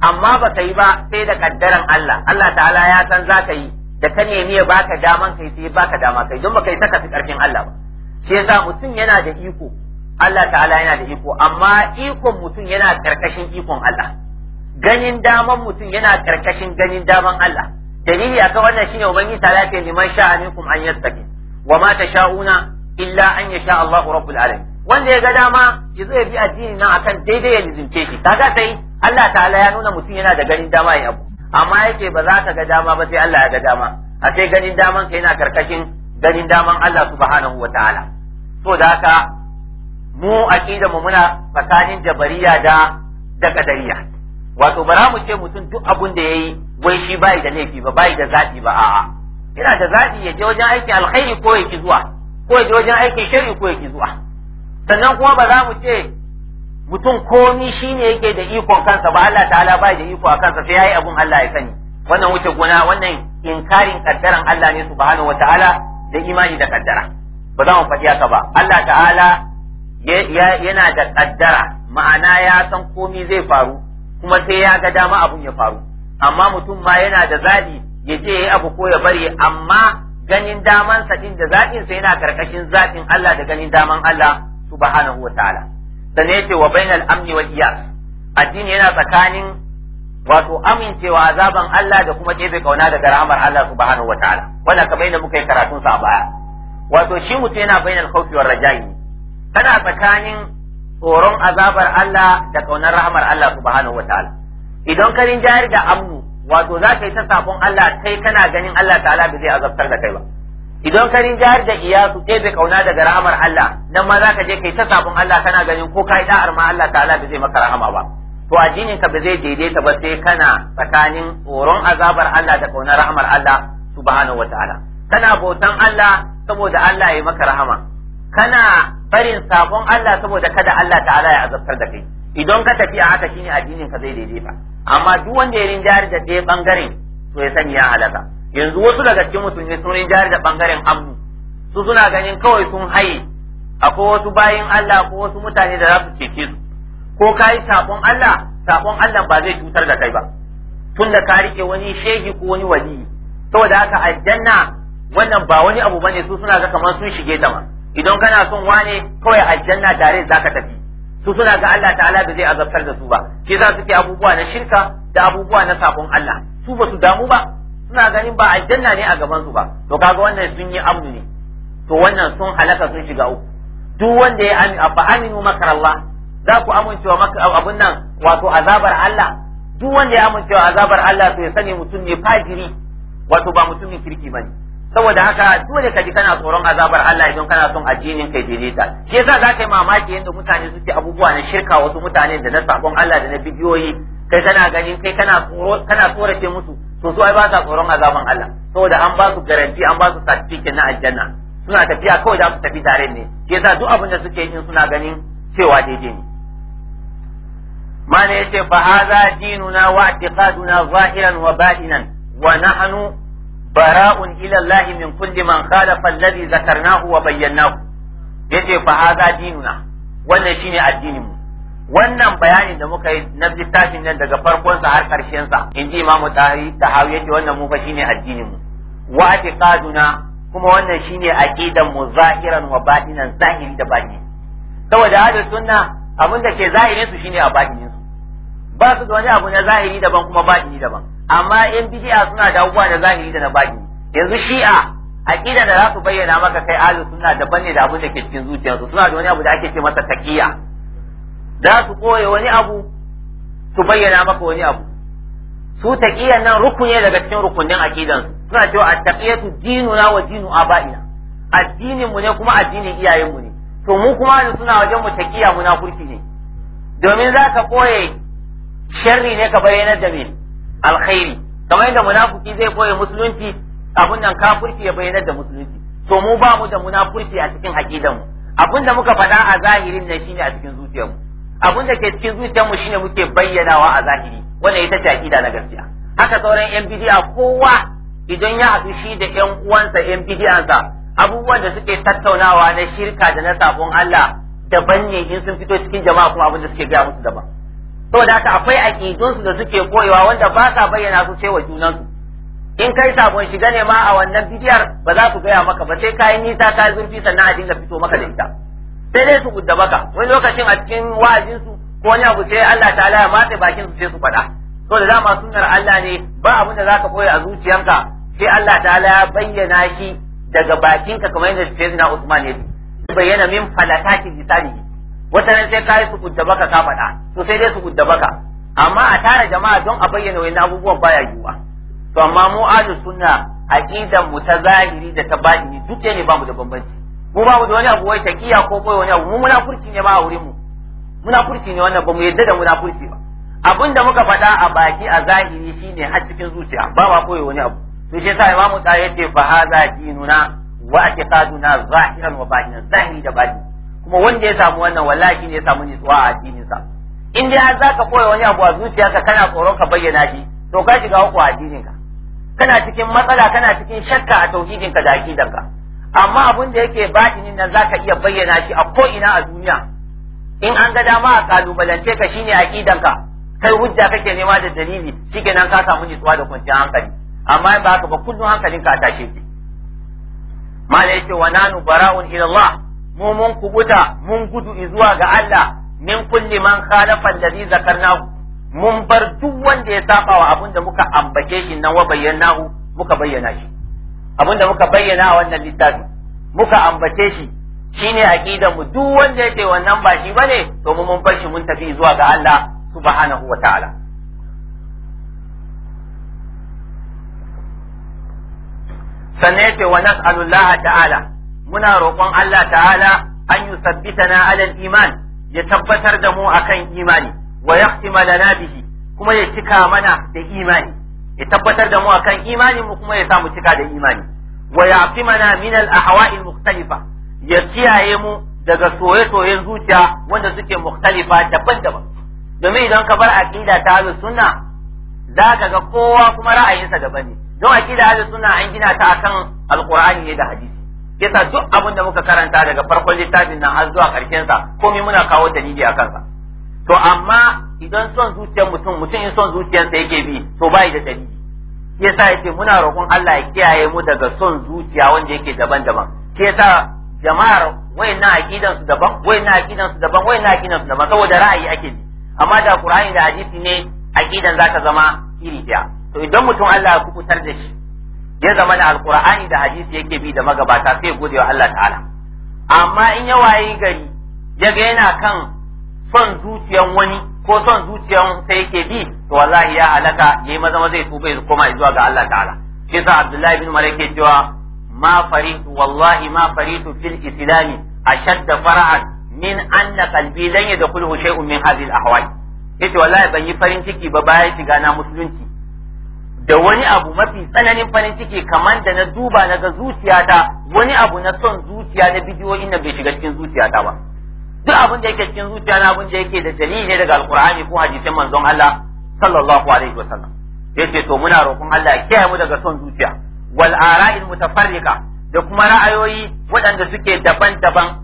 amma ba ka yi ba sai da kaddaran Allah Allah ta'ala ya san za ka yi da ka nemi ya baka daman kai sai baka dama kai don baka yi saka fi karfin Allah ba shi yasa mutum yana da iko Allah ta'ala yana da iko amma ikon mutum yana karkashin ikon Allah ganin daman mutum yana karkashin ganin daman Allah dalili akan wannan shine ubangiji ta'ala ce liman sha minkum an wa ma tasha'una illa an yasha Allahu rabbul alamin wanda ya ga dama ya zo ya bi addini nan akan daidai ya lizince shi kaga sai Allah ta'ala ya nuna mutum yana da ganin dama ya abu amma yake ba za ka ga dama ba sai Allah ya ga dama a sai ganin daman ka yana karkashin ganin daman Allah subhanahu wa ta'ala so da haka mu aqida mu muna tsakanin jabariya da da kadariya wato bara mu ce mutum duk abun da yayi wai shi bai da laifi ba bai da zabi ba a'a yana da zabi ya je wajen aikin alkhairi ko ya ki zuwa ko ya je wajen aikin shari ko ya ki zuwa sannan kuma ba za mu ce mutum komi shi ne yake da ikon kansa ba Allah ta'ala ba da iko a kansa sai yayi abun Allah ya sani wannan wuce gona wannan inkarin kaddaran Allah ne subhanahu wataala da imani da kaddara ba za mu faɗi haka ba Allah ta'ala yana da kaddara ma'ana ya san komi zai faru kuma sai ya ga dama abun ya faru amma mutum ma yana da zaɓi ya je ya abu ko ya bari amma ganin daman sa din da zaɓin sa yana karkashin zaɓin Allah da ganin daman Allah subhanahu wa ta'ala sannan yace wa bainal amni wal iyas addini yana tsakanin wato amincewa azaban Allah da kuma ɗebe kauna daga rahamar Allah subhanahu wataala wanda kamar yadda muka yi karatun sa a baya wato shi mutum yana bainal khawfi war raja'i kana tsakanin tsoron azabar Allah da kaunar rahamar Allah subhanahu wataala idan ka rinjayar da amnu wato za ka yi ta sabon Allah kai kana ganin Allah ta'ala ba zai azabtar da kai ba idan ka rinjayar da iyasu ɗebe kauna daga rahamar Allah nan ma za ka je kai ta sabon Allah kana ganin ko kai da'ar ma Allah ta'ala ba zai maka rahama ba to addinin ka ba zai daidaita ba sai kana tsakanin tsoron azabar Allah da kaunar rahamar Allah subhanahu wataala kana bautan Allah saboda Allah ya maka rahama kana barin sabon Allah saboda kada Allah ta'ala ya azabtar da kai idan ka tafi a haka shine addinin ka zai daidaita amma duk wanda ya rinjayar da ɗaya bangaren to ya sani ya halaka yanzu wasu daga cikin musulmi sun jari da bangaren abu su suna ganin kawai sun haye akwai wasu bayin Allah ko wasu mutane da za su cece su ko ka yi sabon Allah sabon Allah ba zai cutar da kai ba tunda ka rike wani shehi ko wani wali saboda haka aljanna wannan ba wani abu bane su suna ga kamar sun shige ta ma idan kana son wane kawai aljanna tare zaka tafi su suna ga Allah ta'ala ba zai azabtar da su ba shi za su ke abubuwa na shirka da abubuwa na sabon Allah su ba su damu ba suna ganin ba aljanna ne a gaban su ba to kaga wannan sun yi amnu ne to wannan sun halaka sun shiga uku duk wanda ya ami fa aminu makar za ku amince wa abun nan wato azabar Allah duk wanda ya amince wa azabar Allah to ya sani mutum ne fajiri wato ba mutum ne kirki bane saboda haka dole ka ji kana tsoron azabar Allah idan kana son addinin kai daidaita shi yasa za ka yi mamaki yadda mutane suke abubuwa na shirka wasu mutane da na sabon Allah da na bidiyoyi kai kana ganin kai kana tsoro kana tsorace musu to su ai ba sa tsoron azaban Allah saboda an ba su garanti an ba su certificate na aljanna suna tafiya kawai za su tafi tare ne shi yasa duk abin da suke yin suna ganin cewa daidai ne mana yace fa hadha dinuna wa i'tiqaduna zahiran wa batinan wa nahnu bara'un ila Allah min kulli man khalafa alladhi zakarnahu wa bayyanahu yace fa hadha dinuna wannan shine addinin mu wannan bayanin da muka yi na littafin nan daga farkon sa har karshen sa ji imamu tahawi tahawi yake wannan mu fa shine addinin mu wa atiqaduna kuma wannan shine aqidan mu zahiran wa batinan zahiri da batini saboda ahlus sunna abin da ke zahirin su shine a batinin su ba su da wani abu na zahiri daban kuma batini daban amma in bid'a suna da abubuwa na zahiri da na batini yanzu shi'a aqida da za su bayyana maka kai ahlus sunna daban ne da abin da ke cikin zuciyarsu suna da wani abu da ake ce masa taqiya za su koya wani abu su bayyana maka wani abu su taqiyan nan rukuni daga cikin rukunin aqidan su suna cewa at-taqiyatu dinuna wa dinu aba'ina addinin mu ne kuma addinin iyayen mu ne to mu kuma da suna wajen mu taqiya munafurci ne domin za ka koye sharri ne ka bayyana da me alkhairi kamar yadda munafiki zai koye musulunci abun nan kafirci ya bayyanar da musulunci to mu ba mu da munafurci a cikin aqidan mu abun da muka faɗa a zahirin nan shine a cikin zuciyarmu abun da ke cikin zuciyarmu shine muke bayyanawa a zahiri wannan ita ce aqida na gaskiya haka sauran yan bidiya kowa idan ya haɗu shi da yan uwansa yan bidiyansa abubuwan da suke tattaunawa na shirka da na sabon Allah daban ne in sun fito cikin jama'a kuma abin da suke gaya musu daban saboda haka akwai aƙidunsu da suke koyewa wanda ba sa bayyana su sai wa junansu in kai sabon shiga ne ma a wannan bidiyar ba za ku gaya maka ba sai kayan nisa ka zurfi sannan a dinga fito maka da ita sai dai su gudda baka wani lokacin a cikin wa'azin su ko wani abu sai Allah ta'ala ya matse bakin su sai su faɗa to da dama sunnar Allah ne ba abin da zaka koyi a zuciyanka sai Allah ta'ala ya bayyana shi daga bakinka kamar yadda na Usman ne bayyana min falataki bisani wata ran sai kai su gudda baka ka faɗa to sai dai su gudda baka amma a tara jama'a don a bayyana wani abubuwan baya yiwuwa to amma mu ahlus sunna aqidan mu ta zahiri da ta duke duk ne bamu da bambanci mu ba mu da wani abu wai taqiya ko koyi wani abu mu munafurci ne ba a wurin mu munafurci ne wannan ba mu yadda da munafurci ba abin da muka faɗa a baki a zahiri shine har cikin zuciya ba ma koyi wani abu to shi yasa imamu ta yace fa hadha dinuna wa i'tiqaduna zahiran wa batinan zahiri da batini kuma wanda ya samu wannan wallahi ne ya samu nutsuwa a addinin sa in dai za ka koya wani abu a zuciyarka kana tsoron ka bayyana shi to ka shiga uku a addinin ka kana cikin matsala kana cikin shakka a tauhidin ka da aqidan ka amma abin da yake batinin nan ka iya bayyana shi a ko ina a duniya in an ga dama a kalubalance ka shine ka kai hujja kake nema da dalili shike nan ka samu nutsuwa da kwanciyar hankali amma in ba ka ba kullun hankalinka a tashe ki mala yace wa nanu bara'un ila Allah mu mun kubuta mun gudu zuwa ga Allah min kulli man khalafa alladhi zakarnahu mun bar duk wanda ya saba wa abin da muka ambace shi nan wa bayyanahu muka bayyana shi abinda muka bayyana a wannan littafi muka ambace shi shine aqidan mu duk wanda yake wannan ba shi bane to mu mun bar shi mun tafi zuwa ga Allah subhanahu wataala sannan yace wa nas'alu Allah ta'ala muna roƙon Allah ta'ala an yusabbitana ala al-iman ya tabbatar da mu akan imani wa yaqtima lana bihi kuma ya cika mana da imani ya tabbatar da mu akan imanin mu kuma ya sa mu cika da imani wa mana min al-ahwa'il mukhtalifa ya kiyaye mu daga soye-soyen zuciya wanda suke mukhtalifa daban-daban domin idan ka bar aqida ta ahlus sunna za ka ga kowa kuma ra'ayinsa daban ne don aqida ahlus sunna an gina ta akan alqur'ani ne da hadisi yasa duk abin da muka karanta daga farkon littafin nan har zuwa karshen sa komai muna kawo dalili a kansa to amma idan son zuciyar mutum mutum in son zuciyarsa yake bi to bai da dalili yasa yace muna roƙon Allah ya kiyaye mu daga son zuciya wanda yake daban-daban shi yasa jama'ar wayannan aqidan su daban wayannan aqidan su daban wayannan aqidan su daban saboda ra'ayi ake bi amma da Qur'ani da hadisi ne aqidan za zama iri daya to idan mutum Allah ya kubutar da shi ya zama da alqur'ani da hadisi yake bi da magabata sai gode wa Allah ta'ala amma in ya wayi gari ya ga yana kan son zuciyar wani ko son zuciyan sai yake bi to wallahi ya alaka yayi maza maza zai tuba ya koma zuwa ga Allah ta'ala shi sa Abdullahi bin Malik ke cewa ma faritu wallahi ma faritu fil islami ashadda fara'an min anna qalbi lan yadkhulu shay'un min hadhihi al-ahwal yace wallahi ban yi farin ciki ba bayan shiga na musulunci da wani abu mafi tsananin farin ciki kamar da na duba na ga zuciyata wani abu na son zuciya na bidiyoyin na bai shiga cikin zuciyata ba duk abin da yake cikin zuciya na abin da yake da dalili ne daga alkur'ani ko hadisin manzon Allah sallallahu alaihi wasallam yace to muna roƙon Allah ya kiyaye mu daga son zuciya wal ara'il mutafarrika da kuma ra'ayoyi waɗanda suke daban-daban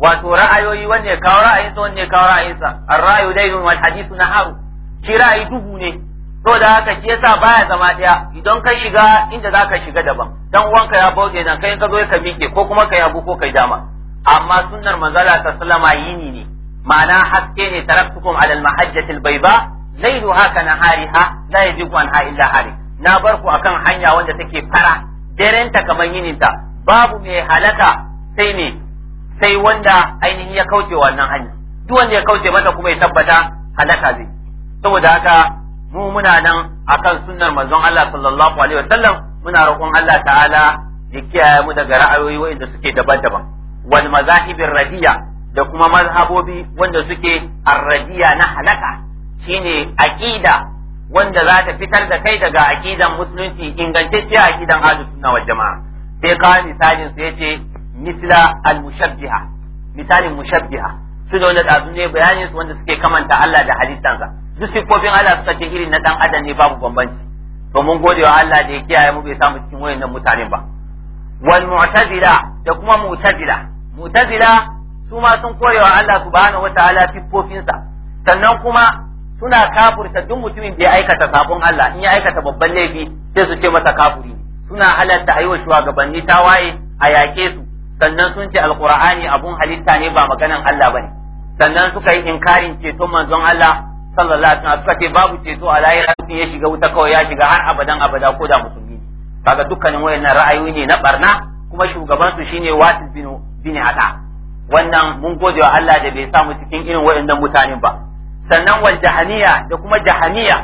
wato ra'ayoyi wanne ya kawo ra'ayinsa wanne ya kawo ra'ayinsa ar-ra'yu daynun wal hadithu naharu shi ra'ayi duhu ne to da haka shi yasa baya zama daya idan ka shiga inda zaka shiga daban dan uwanka ya bauke nan kai ka zo ka mike ko kuma ka yabo ko kai dama amma sunnar manzala ta sallama yini ne ma'ana haske ne taraktukum alal mahajjatil bayda laylu haka nahariha la yajibu an illa hari na bar ku akan hanya wanda take fara derenta kamar yininta babu mai halaka sai ne sai wanda ainihin ya kauce wannan hanya duk wanda ya kauce mata kuma ya tabbata halaka zai saboda haka mu muna nan akan sunnar manzon Allah sallallahu alaihi wasallam muna roƙon Allah ta'ala ya kiyaye mu daga ra'ayoyi wanda suke daban-daban maza mazahibir radiya da kuma mazhabobi wanda suke arradiya na halaka shine aƙida wanda za ta fitar da kai daga aqidan musulunci ingantacciya aqidan ahlus sunna wal jamaa sai ka misalin sai yace misla al mushabbiha misalin mushabbiha su da wanda ne bayanin su wanda suke kamanta Allah da halittansa duk sifofin Allah suka ce irin na dan adam ne babu bambanci to mun gode wa Allah da ya kiyaye mu bai samu cikin wayannan mutanen ba wal mu'tazila da kuma mu'tazila mutazila su ma sun wa Allah subhanahu ta'ala siffofinsa sannan kuma suna kafurta duk mutumin da ya aikata sabon Allah in ya aikata babban laifi sai su ce masa kafuri suna halatta ayi wa shugabanni tawaye a yake su sannan sun ce alqur'ani abun halitta ne ba maganan Allah bane sannan suka yi inkarin ceton manzon Allah sallallahu alaihi wasallam suka ce babu ceto a lahira mutum ya shiga wuta kawai ya shiga har abadan abada ko da musulmi kaga dukkanin wayannan ra'ayoyi ne na barna kuma shugaban su shine Wasil bin bin haka wannan mun gode wa Allah da bai samu cikin irin waɗannan mutanen ba sannan wal jahaniya da kuma jahaniya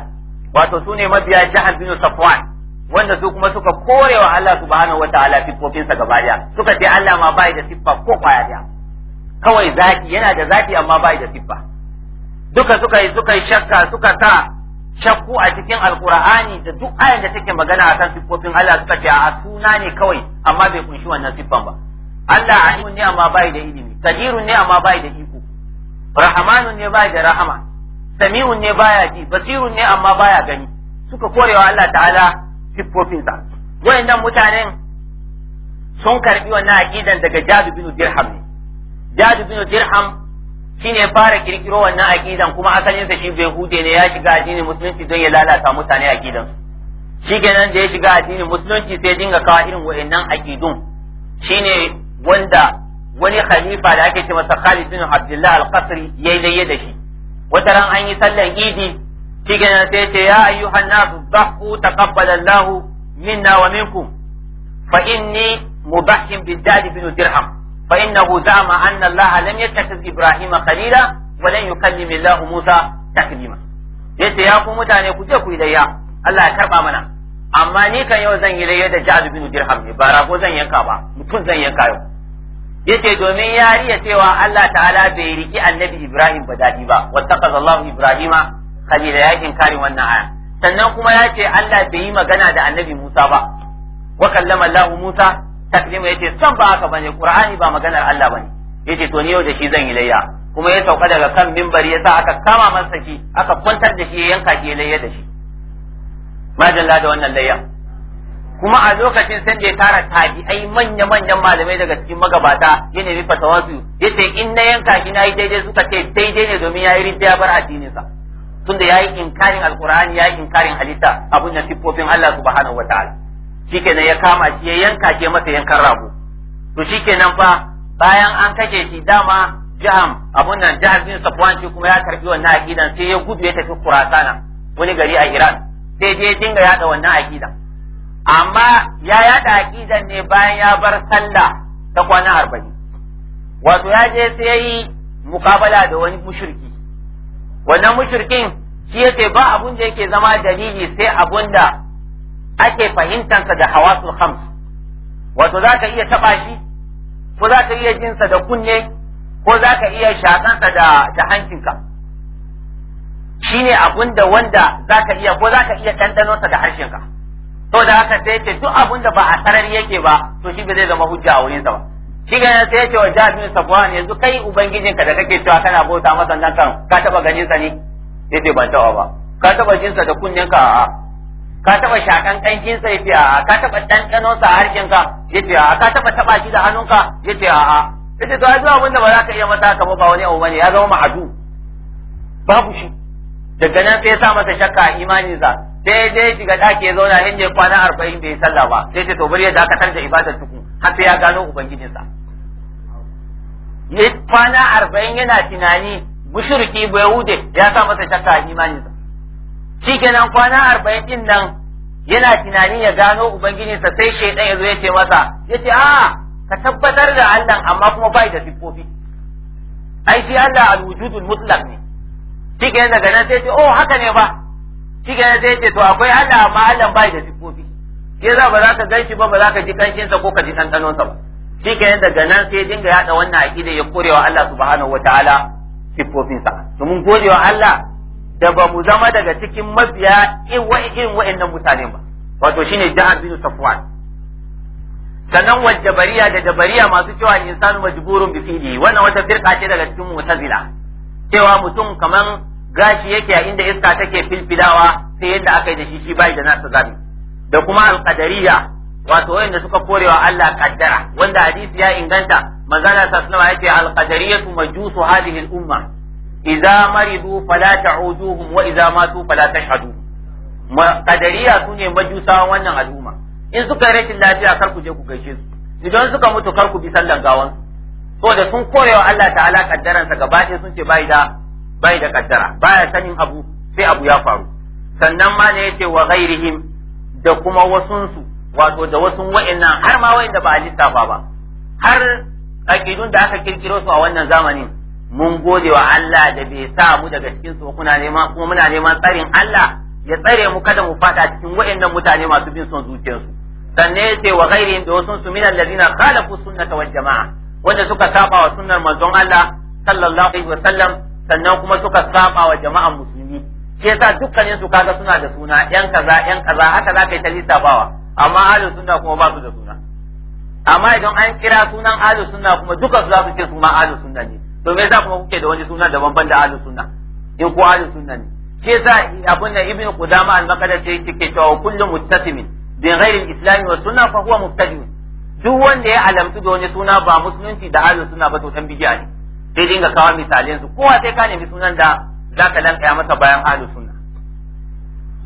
wato sune mabiya jahal bin safwan wanda su kuma suka kore wa Allah subhanahu wataala sa gaba daya suka ce Allah ma bai da siffa ko kwaya daya kawai zaki yana da zaki amma bai da siffa duka suka yi suka yi shakka suka sa shakku a cikin alqur'ani da duk ayan da take magana akan siffofin Allah suka ce a suna ne kawai amma bai kunshi wannan siffan ba Allah alimun ne amma bai da ilimi kadirun ne amma bai da iko rahamanun ne bai da rahama sami'un ne baya ji basirun ne amma baya gani suka korewa Allah ta'ala siffofinsa wayannan mutanen sun karbi wannan aqidan daga Jadu bin Dirham ne Jadu bin Dirham shine fara kirkiro wannan aqidan kuma asalin sa shi hude ne ya shiga addinin musulunci don ya lalata mutane aqidan shi kenan da ya shiga addinin musulunci sai dinga kawo irin wayannan aqidun shine wanda wani khalifa da ake ce masa Khalid bin Abdullah al-Qasri yayi laye da shi wata ran an yi sallar idi shi kenan sai ce ya ayyuhan nasu dhahu taqabbala Allah minna wa minkum fa inni mudahhim bi Dad bin Dirham fa innahu zama anna Allah lam yattakhiz Ibrahim khalila wa lan yukallim Allah Musa taklima yace ya ku mutane ku je ku yi layya Allah ya karba mana amma ni kan yau zan yi layya da Ja'ad bin Dirham ne ba rago zan yanka ba mutum zan yanka yau yace domin ya riya cewa Allah ta'ala bai riki annabi Ibrahim ba dadi ba wattaqaza Allahu Ibrahima khalila yakin kare wannan aya sannan kuma ya ce Allah bai yi magana da annabi Musa ba wa kallama Allah Musa taklima yace san ba haka bane Qur'ani ba maganar Allah bane yace to ni yau da shi zan yi layya kuma ya sauka daga kan mimbar ya sa aka kama masa shi aka kwantar da shi ya yanka shi layya da shi majalla da wannan layya kuma a lokacin sai da ya tara tabi'ai manya-manyan malamai daga cikin magabata ya nemi fatawansu ya ce in na yanka shi na yi daidai suka ce daidai ne domin ya yi ya bar addininsa tunda ya yi inkarin alkur'ani ya yi inkarin halitta abun da siffofin Allah subhanahu wa ta'ala kenan ya kama shi ya yanka shi masa yankan rago to shikenan fa bayan an kake shi dama jiham abun nan jihar bin safwan shi kuma ya karbi wannan aƙidan sai ya gudu ya tafi kurasana wani gari a Iran sai je dinga yaɗa wannan aƙidan amma ya yada aqidan ne bayan ya bar sallah ta kwana arba'in wato ya je sai ya yi mukabala da wani mushriki wannan mushrikin shi yace ba abun da yake zama dalili sai abun da ake fahimtansa da hawasul khams wato za ka iya taba shi ko za ka iya jinsa da kunne ko za ka iya shakansa da da hankinka ne abun da wanda za ka iya ko za ka iya ɗanɗanonsa da harshenka to da haka sai ce duk abin da ba a sarari yake ba to shi ba zai zama hujja a wurinsa ba shi ga sai ce wa jabir safwan yanzu kai ubangijinka da kake cewa kana bauta masa nan kan ka taba ganin sa ne yace ban taba ba ka taba jin sa da kunnen ka a ka taba shakan kancin sa yace a ka taba dandanon sa a ka yace a ka taba taba shi da hannunka yace a a yace to yanzu abin da ba za ka iya masa ka ba ba wani abu bane ya zama ma'adu babu shi daga nan sai ya sa masa shakka imaninsa sai dai shiga ɗaki ya zauna inda ya kwana arba'in bai sallah ba sai ce to bari ya dakatar da ibadar tuku har sai ya gano ubangijinsa ya kwana arba'in yana tunani mushriki bai hude ya sa masa shakka a imaninsa kenan kwana arba'in din nan yana tunani ya gano ubangijinsa sai shaidan ya zo ya ce masa ya ce a ka tabbatar da Allah amma kuma bai da siffofi ai shi Allah al-wujudul mutlaq ne shikenan daga nan sai ce oh haka ne ba shi kenan zai ce to akwai Allah amma Allah bai da sifofi ke za ba za ka gan shi ba ba za ka ji kanshin sa ko ka ji ɗanɗanon sa ba shi kenan daga nan sai dinga yada wannan aqida ya kore wa Allah subhanahu wataala sifofin sa to mun wa Allah da ba mu zama daga cikin mabiya irin wa'annan mutane ba wato shine jihar bin safwan sannan wa jabariya da jabariya masu cewa insanu majburun bi fi'li wannan wata firqa ce daga cikin mu'tazila cewa mutum kaman gashi yake a inda iska take filfilawa sai yadda aka yi da shi shi bai da nasu zabi da kuma alqadariya wato wanda suka korewa Allah kaddara wanda hadisi ya inganta manzala sallallahu alaihi wasallam alqadariyatu majusu hadhihi al-umma idza maridu fala ta'uduhum wa idza matu fala tashhadu qadariya sune majusa wannan al-umma in suka rashin lafiya kar ku je ku gaishe su idan suka mutu kar ku bi sallan gawan Saboda sun korewa Allah ta'ala kaddaransa gaba ɗaya sun ce bai da bai da kaddara baya sanin abu sai abu ya faru sannan ma ne yace wa ghairihim da kuma wasunsu wato da wasun wa'annan har ma wa'anda ba a lissafa ba har aqidun da aka kirkiro su a wannan zamanin mun gode wa Allah da bai sa mu daga cikin su kuna neman kuma muna neman tsarin Allah ya tsare mu kada mu fada cikin wa'annan mutane masu bin son zuciyarsu sannan yace wa ghairihim da wasun su min alladhina khalafu sunnata wal jamaa wanda suka saba wa sunnar manzon Allah sallallahu alaihi wasallam sannan kuma suka saba wa jama'an musulmi Ke sa dukkanin su kaga suna da suna yan kaza yan kaza haka za ka yi ta lissafawa amma ahlus sunna kuma ba su da suna amma idan an kira sunan ahlus sunna kuma duka su za su ce suna ma sunna ne to me yasa kuma kuke da wani suna daban ban da ahlus sunna in ko ahlus sunna ne Ke sa abun da ibnu qudama al-maqdisi yake cewa kullu muttasimin bi ghairi al-islam wa sunna fa huwa mubtadi duk wanda ya alamtu da wani suna ba musulunci da ahlus sunna ba to dan bid'a ne sai dinga kawo misalin su kowa sai ka nemi sunan da ka lankaya masa bayan halin sunna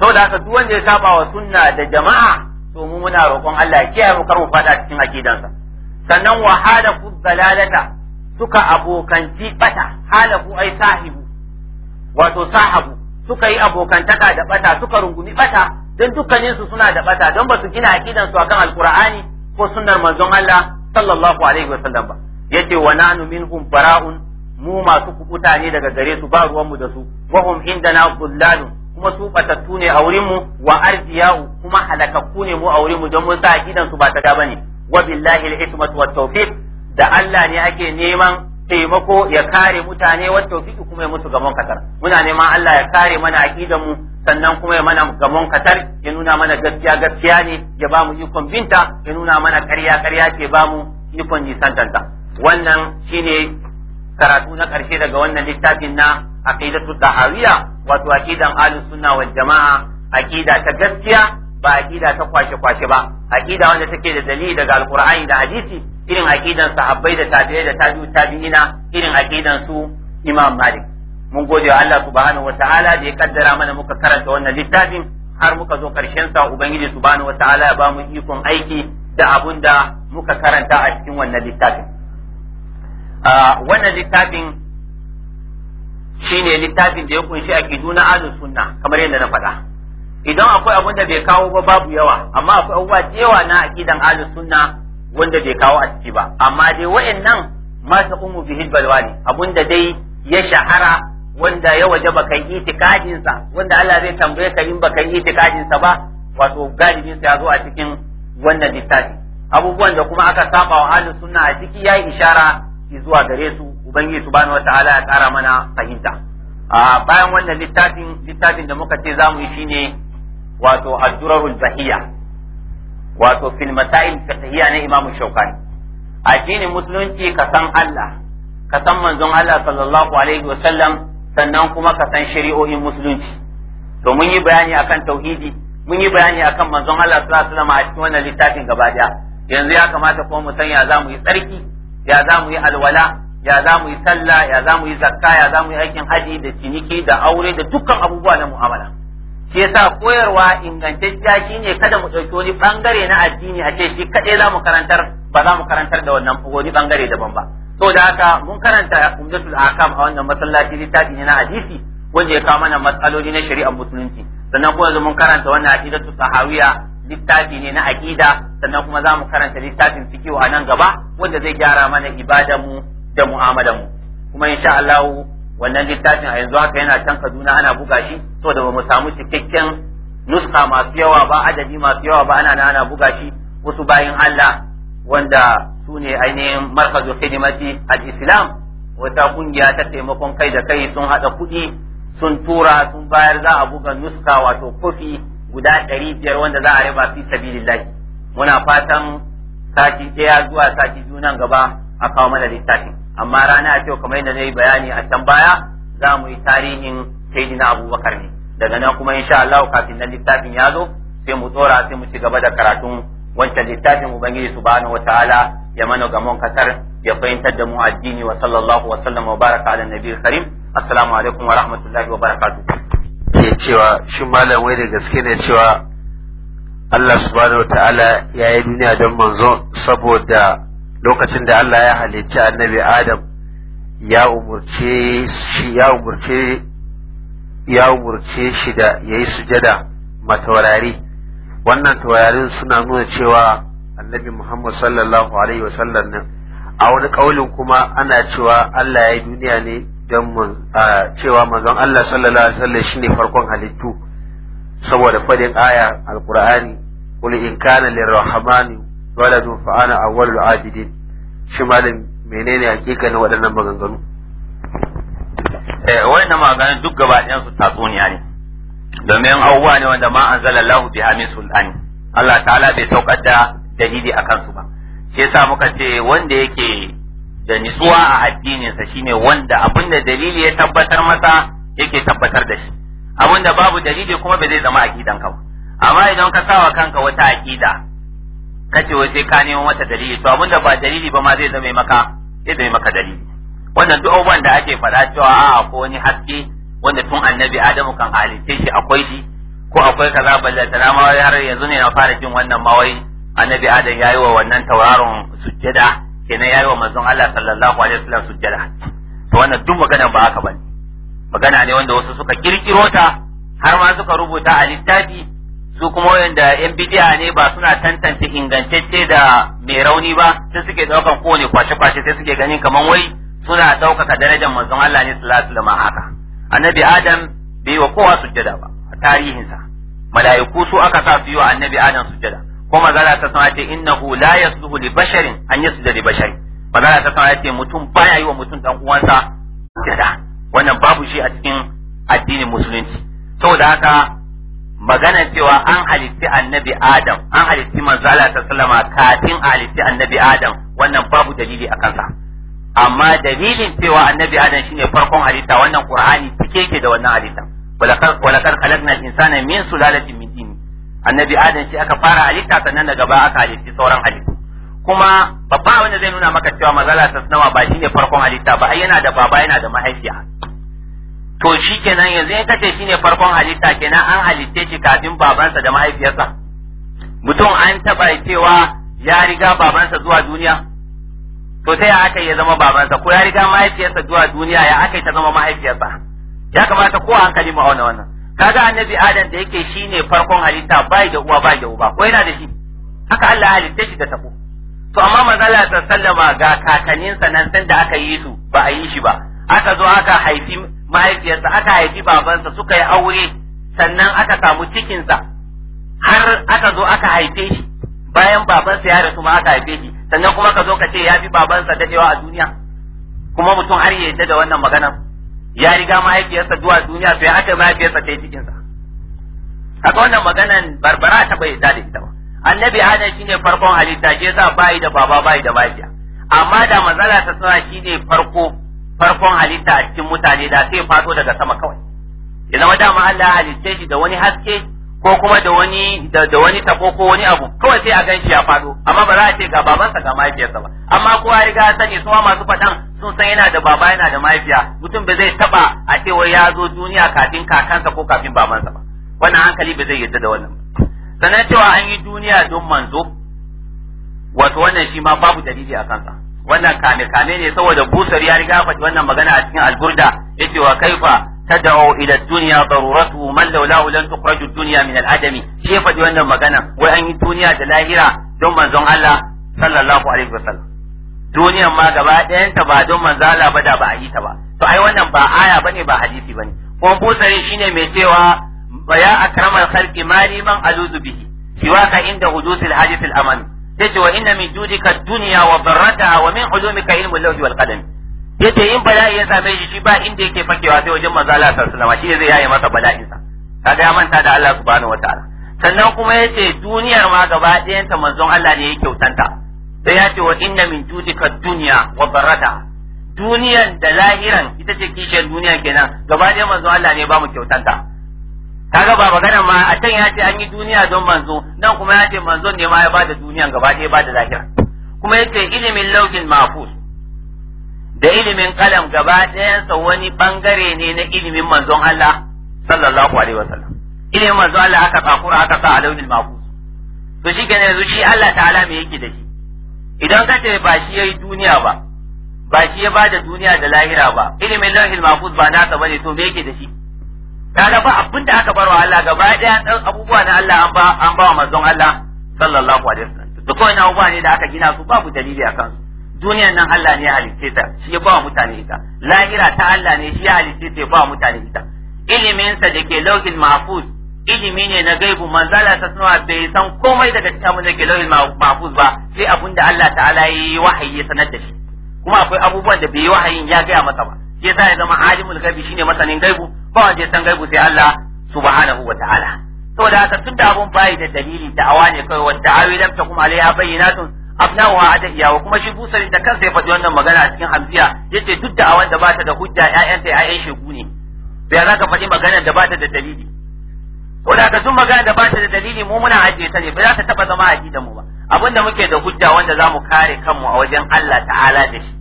to da haka duk wanda ya saba wa sunna da jama'a to mu muna roƙon Allah ya kiyaye mu kar mu fada cikin akidansa sannan wa halaku dalalata suka abokanci bata halaku ai sahibu wato sahabu suka yi abokantaka da bata suka rungumi bata don dukkaninsu suna da bata don ba su gina su akan alqur'ani ko sunnar manzon Allah sallallahu alaihi wasallam ba yace wa nanu minhum bara'un mu masu kubuta ne daga gare su ba ruwan mu da su wa hum indana dhullalun kuma su batattu ne a wurin mu wa arziyahu, kuma halakakku ne mu a wurin mu don mun sa akidan su ba ta ga bane wa billahi al-hikmatu wat tawfiq da Allah ne ake neman taimako ya kare mutane wa tawfiq kuma ya musu gaban katar muna neman Allah ya kare mana akidan mu sannan kuma ya mana gamon katar ya nuna mana gaskiya gaskiya ne ya ba mu ikon binta ya nuna mana ƙarya ƙarya ce ba mu ikon nisantanta wannan shine karatu na ƙarshe daga wannan littafin na aqidatu tahawiyya wato aqidan ahlus sunna wa jamaa aƙida ta gaskiya ba aƙida ta kwashe kwashe ba Aƙida wanda take da dalili daga alqur'ani da hadisi irin aqidan sahabbai da tabi'ai da ta ta tabi'ina irin aƙidan su imam malik mun gode wa Allah subhanahu wataala da ya kaddara mana muka karanta wannan littafin har muka zo ƙarshen sa ubangiji subhanahu wataala ya ba mu ikon aiki da abun da muka karanta a cikin wannan littafin wannan littafin shi ne littafin da ya kunshi kidu na azu sunna kamar yadda na faɗa idan akwai abin da bai kawo ba babu yawa amma akwai abubuwa da yawa na akidan azu sunna wanda bai kawo a ciki ba amma dai wa'annan ma ta umu bihi ne abin da dai ya shahara wanda ya wajaba kai itikadin sa wanda Allah zai tambaye ka in baka yi itikadin sa ba wato galibinsa ya zo a cikin wannan littafi abubuwan da kuma aka saba wa ahlus sunna a ciki yayi ishara ciki zuwa gare su ubangiji subhanahu wataala ya kara mana fahimta a bayan wannan littafin littafin da muka ce zamu yi shine wato ad-durarul bahiyya wato fil masail fiqhiyya na imamu shaukani addinin musulunci ka san Allah ka san manzon Allah sallallahu alaihi wa sallam sannan kuma ka san shari'o'in musulunci to mun yi bayani akan tauhidi mun yi bayani akan manzon Allah sallallahu alaihi wa sallam a cikin wannan littafin gaba daya yanzu ya kamata kuma mu sanya za mu yi tsarki ya za mu yi alwala ya za mu yi sallah ya za mu yi zakka ya za mu yi aikin haji da ciniki da aure da dukkan abubuwa na mu'amala shi yasa koyarwa ingantacciya shine kada mu ɗauki wani bangare na addini a ce shi kaɗai za mu karantar ba za mu karantar da wannan wani bangare daban ba to da haka mun karanta umdatul akam a wannan masallaci littafi ne na hadisi wanda ya kawo mana matsaloli na shari'ar musulunci sannan kuma yanzu mun karanta wannan aqidatu sahawiya littafi ne na aƙida sannan kuma za mu karanta littafin fikihu a nan gaba wanda zai gyara mana ibadanmu da mu'amalanmu kuma insha Allah wannan littafin a yanzu haka yana can Kaduna ana buga shi saboda ba mu samu cikakken nuska masu yawa ba adadi masu yawa ba ana ana buga shi wasu bayin Allah wanda sune ainihin markazu khidmati al-islam wata kungiya ta taimakon kai da kai sun hada kuɗi sun tura sun bayar za a buga nuska wato kofi guda ɗari biyar wanda za a riba fi sabilillahi muna fatan sati ɗaya zuwa sati biyu nan gaba a kawo mana littafin amma rana a yau kamar yadda na yi bayani a can baya za mu yi tarihin na abubakar ne daga nan kuma insha Allah kafin nan littafin ya zo sai mu tsora sai mu ci gaba da karatun wancan littafin ubangiji subhanahu wataala ya mana gamon kasar ya fahimtar da mu addini wa sallallahu wa sallam wa baraka ala nabiyil karim assalamu alaikum wa rahmatullahi wa barakatuh ke cewa shi malam wai da gaske ne cewa Allah subhanahu wa ta'ala ya yi duniya don manzo saboda lokacin da Allah ya halicci annabi Adam ya umurce shi ya umurce ya umurce shi da yayi sujada matawarari wannan taurarin suna nuna cewa annabi Muhammad sallallahu alaihi wasallam a wani kaulin kuma ana cewa Allah ya yi duniya ne don cewa manzon Allah sallallahu alaihi wasallam shine farkon halittu saboda fadin aya alqur'ani qul in kana lirrahmani waladu fa ana awwalul ajidin shi malin menene hakikanin waɗannan maganganu eh wannan maganganun duk gaba ɗayan su tatsuniya ne domin awwa ne wanda ma anzalallahu biha min sultani Allah ta'ala bai saukar da dalili akan su ba shi yasa muka ce wanda yake da nitsuwa a addininsa shine wanda abin da dalili ya tabbatar masa yake tabbatar da shi abin da babu dalili kuma ba zai zama aqidan ka amma idan ka sawa kanka wata aqida kace wai sai ka nemo mata dalili to abin da ba dalili ba ma zai zama maka zai zama maka dalili wannan duk abubuwan da ake faɗa cewa a ko wani haske wanda tun annabi adamu kan halitta shi akwai shi ko akwai kaza ballantana ma har yanzu ne na fara jin wannan ma wai annabi adam yayi wa wannan tauraron sujjada kenan yayi wa manzon Allah sallallahu alaihi wasallam sujjada to wannan duk magana ba haka bane magana ne wanda wasu suka kirkiro ta har ma suka rubuta a littafi su kuma wanda yan bidiya ne ba suna tantance ingantacce da mai rauni ba sai suke daukan kowane kwashe-kwashe sai suke ganin kamar wai suna ɗaukaka darajar manzon Allah ne sallallahu alaihi wasallam haka annabi adam bai wa kowa sujjada ba a tarihinsa mala'iku su aka sa su yi wa annabi adam sujjada ko za ta sama ce innahu la yasluhu li basharin an yasjuda li basharin za ta sama ce mutum baya yi wa mutum dan uwansa sujada wannan babu shi a cikin addinin musulunci saboda haka magana cewa an halitti annabi Adam an halitti manzala ta sallama kafin a halitti annabi Adam wannan babu dalili a kansa amma dalilin cewa annabi Adam shine farkon halitta wannan Qur'ani cike ke da wannan halitta walakar walakar khalaqna insana min sulalatin min annabi adam shi aka fara halitta sannan daga ba aka halitti sauran halittu kuma babba wanda zai nuna maka cewa mazala ta sanawa ba shine farkon halitta ba ai yana da baba yana da mahaifiya to shi kenan yanzu in kace shine farkon halitta kenan an halitte shi kafin babansa da mahaifiyarsa mutum an taba cewa ya riga babansa zuwa duniya to sai ya aka ya zama babansa ko ya riga mahaifiyarsa zuwa duniya ya aka ta zama mahaifiyarsa ya kamata ko hankali ma auna wannan kaga annabi adam da yake shine farkon halitta bai da uwa bai da uba ko yana da shi haka Allah ya halitta shi da tabo to amma manzala ta sallama ga kakanninsa nan san da aka yi su ba a yi shi ba aka zo aka haifi mahaifiyarsa aka haifi babansa suka yi aure sannan aka samu cikinsa har aka zo aka haife shi bayan babansa ya rasu ma aka haife shi sannan kuma ka zo ka ce ya fi babansa dadewa a duniya kuma mutum har ya yadda da wannan maganar ya riga mahaifiyarsa zuwa duniya sai aka mahaifiyarsa ta yi cikinsa haka wannan maganan barbara ta bai da ita ba annabi adam ne farkon halitta shi yasa bai da baba bai da bajiya amma da mazala ta sana shine farko farkon halitta a cikin mutane da sai fato daga sama kawai ya zama dama Allah ya halitta shi da wani haske ko kuma da wani da wani tako ko wani abu kawai sai a gan shi ya faɗo amma ba za a ce ga babansa ga mahaifiyarsa ba amma kowa riga sani suma masu faɗan sun san yana da baba yana da mahaifiya mutum ba zai taba a ce wai ya zo duniya kafin kakansa ko kafin babansa ba wannan hankali ba zai yarda da wannan sannan cewa an yi duniya don manzo wato wannan shi ma babu dalili a kansa wannan kame kame ne saboda busar ya riga faɗi wannan magana a cikin alburda yace wa kaifa تدعو إلى الدنيا ضرورته من لولاه لن تخرج الدنيا من العدم شيء فدي wannan magana wai an yi duniya da lahira don manzon Allah sallallahu alaihi wasallam duniyan ma gaba ɗayan ta ba don manzon Allah ba da ba a yi ta ba to ai wannan ba aya bane ba hadisi bane kuma busari shine mai cewa ya akramal khalqi mali man aluzu bihi siwaka inda hudusil hadith al aman yace wa inna min judika ad-dunya wa barata wa min ulumika ilmu al-lawhi wal qadam yace in bala'i ya same shi shi ba inda yake fakewa sai wajen maza Allah sallallahu alaihi wasallam shi zai yaye masa bala'in sa kaga ya manta da Allah subhanahu wataala sannan kuma yace duniya ma gaba ta manzon Allah ne ya kyautanta sai yace wa inna min judika dunya wa barata duniyan da lahiran ita ce kishiyar duniya kenan gaba ɗayan manzon Allah ne ba mu kyautanta kaga ba magana ma a can ya ce an yi duniya don manzo nan kuma yace manzon ne ma ya bada duniyan gaba ɗaya bada lahira kuma yace ilimin lauhin mahfuz da ilimin kalam gaba ɗayansa wani bangare ne na ilimin manzon Allah sallallahu alaihi wasallam ilimin manzon Allah aka tsakura aka sa a launin makus to shi kenan yanzu shi Allah ta'ala me yake da shi idan ka ce ba shi yayi duniya ba ba shi ya bada duniya da lahira ba ilimin lahil makus ba naka bane to me yake da shi kaga ba abinda aka bar wa Allah gaba ɗaya abubuwa na Allah an ba an ba manzon Allah sallallahu alaihi wasallam to ko ina abubuwa ne da aka gina su babu dalili akan su duniyan nan Allah ne ya halitte ta shi ya ba mutane ita lahira ta Allah ne shi ya halitte ta ya ba mutane ita iliminsa da ke lauhin mahfuz ilimi ne na gaibu manzala ta suna bai san komai daga cikin abin da ke lauhin mahfuz ba sai abin da Allah ta'ala ya yi wahayi ya sanar da shi kuma akwai abubuwan da bai yi wahayin ya gaya masa ba shi yasa ya zama alimul gaibi shine masanin gaibu ba wanda ya san gaibu sai Allah subhanahu wa ta'ala saboda haka tunda abun bai da dalili da ne kai wanda awi lam takum alaiha bayyinatun abnawa adadiya iyawa kuma shi busarin da kansa ya faɗi wannan magana a cikin hamziya yace duk da awan da bata da hujja ta 'ya'yan shegu ne bai za ka faɗi magana da bata da dalili da ka magana da bata da dalili mu muna ajiye ta ne ba za ta taɓa zama a mu ba abinda muke da hujja wanda za kare kanmu a wajen Allah ta'ala da shi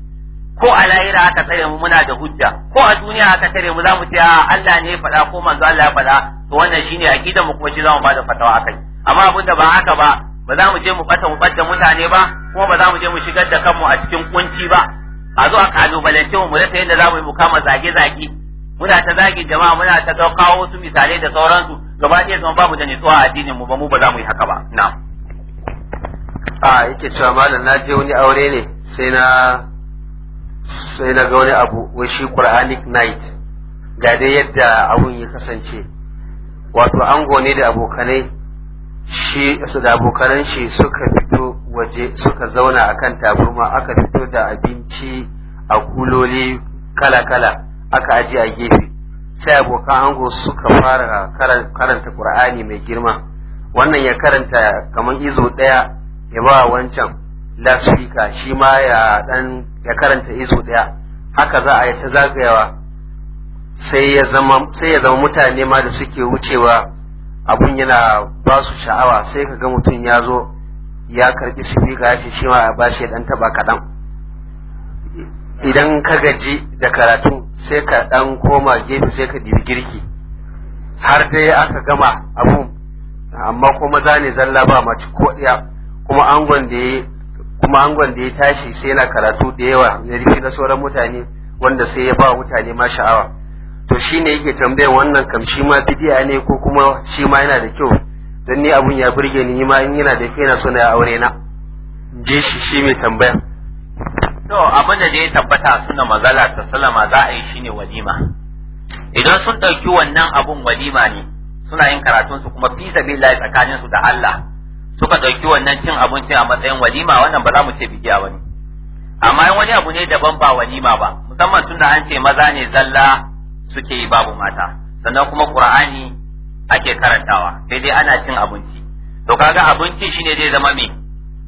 ko a lahira aka tare mu muna da hujja ko a duniya aka tare mu za mu ce Allah ne ya faɗa ko manzo Allah ya faɗa to wannan shine a mu kuma shi zamu mu bada fatawa akai amma abinda ba haka ba ba za mu je mu bata mu bata mutane ba kuma ba za mu je mu shigar da kanmu a cikin kunci ba a zo a kalubalance mu rasa yadda za mu yi mu kama zage-zage muna ta zage jama'a muna ta kawo wasu misalai da sauransu gaba ɗaya zama babu da nutsuwa a addinin mu ba mu ba za mu yi haka ba na a yake cewa malam na je wani aure ne sai na sai na ga wani abu wai shi quranic night ga dai yadda abun ya kasance wato ango ne da abokanai shi su da abokanan shi suka fito waje suka zauna akan taburma aka fito da abinci a kuloli kala-kala aka aje a gefe sai abokan ango suka fara karanta qur'ani mai girma wannan ya karanta kamar izo ɗaya ya ba wancan lasfika shi ma ya dan ya karanta izo ɗaya haka za a yi ta zagayawa sai ya zama mutane ma da suke wucewa abun yana ba su sha'awa sai ka ga mutum ya zo ya karbi sifika ya ce shi ma ba shi dan taba kaɗan idan ka gaji da karatu sai ka dan koma gefe sai ka dibi girki har dai aka gama abun amma ko maza ne zalla ba mace ko ɗaya kuma angon da ya kuma angon da ya tashi sai yana karatu da yawa ya rufe na sauran mutane wanda sai ya ba mutane ma sha'awa to shi ne yake tambaya wannan kam shi ma bidiya ne ko kuma shi ma yana da kyau don ni abun ya burge ni ma in yana da kai yana so na aure na je shi shi mai tambaya to abin da ya tabbata suna mazala ta salama za a yi shi ne walima idan sun ɗauki wannan abun walima ne suna yin karatun su kuma fi sabilillahi tsakanin su da Allah suka ɗauki wannan cin abincin a matsayin walima wannan ba za mu ce bidiya bane amma wani abu ne daban ba walima ba musamman tunda an ce maza ne zalla suke yi babu mata sannan kuma qur'ani ake karantawa sai dai ana cin abinci to kaga abinci shine zai zama me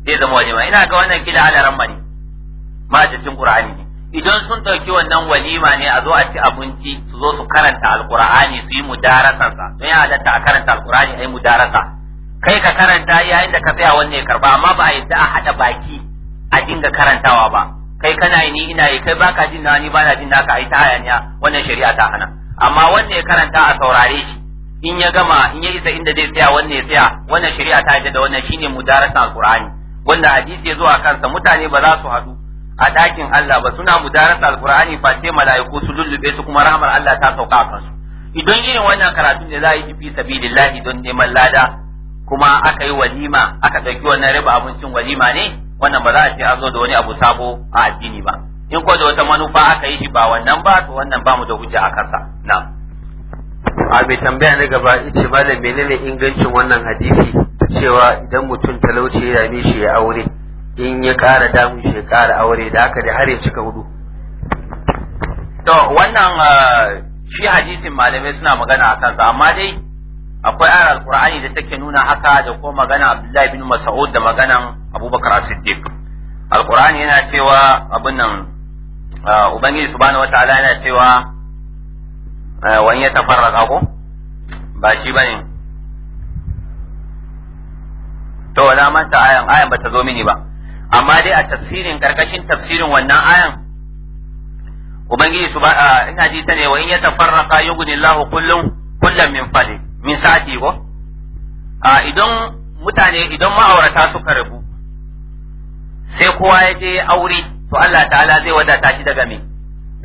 zai zama walima ina ga wannan kila ala ramma ne cin qur'ani idan sun dauki wannan walima ne a zo a ci abinci su zo su karanta alqur'ani su yi mudarasa sa don ya halatta a karanta alqur'ani ai mudarasa kai ka karanta yayin da ka tsaya wannan ya karba amma ba a yadda a hada baki a dinga karantawa ba kai kana yi ni ina yi kai baka jin na ni bana jin naka ai ta hayaniya wannan shari'a ta hana amma wanda ya karanta a saurare shi in ya gama in ya isa inda zai tsaya wannan ya tsaya wannan shari'a ta yadda da wannan shine mudarasa alqur'ani wanda hadisi ya zo a kansa mutane ba za su haɗu a ɗakin Allah ba suna mudarasa alqur'ani fa sai mala'iku su lullube su kuma rahmar Allah ta sauka a kansu idan irin wannan karatun da za a yi fi sabilillahi don neman lada kuma aka yi walima aka ɗauki wannan riba abincin walima ne wannan ba za a ce an zo da wani abu sabo a addini ba in ko da wata manufa aka yi shi ba wannan ba to wannan ba mu da hujja a kansa na a bai tambaya na gaba ita malam menene ingancin wannan hadisi cewa idan mutum talauci ya dame shi ya aure in ya ƙara damun shi ya ƙara aure da haka da har ya cika hudu to wannan ah, shi hadisin malamai suna magana a kansa amma dai akwai ayar alqur'ani da take nuna haka da ko magana abdullahi bin mas'ud da maganan abubakar as-siddiq alqur'ani yana cewa abin nan ubangiji subhanahu wataala yana cewa wani ya tafarraka ko ba shi bane to na manta ayan ayan bata zo mini ba amma dai a tafsirin karkashin tafsirin wannan ayan ubangiji subhanahu ina ji ta ne wa in ya tafarraka yughni Allahu kullum kullum min fadli min sa'ati ko a idan mutane idan ma'aurata suka rabu sai kowa ya je aure to Allah ta'ala zai wadata shi daga me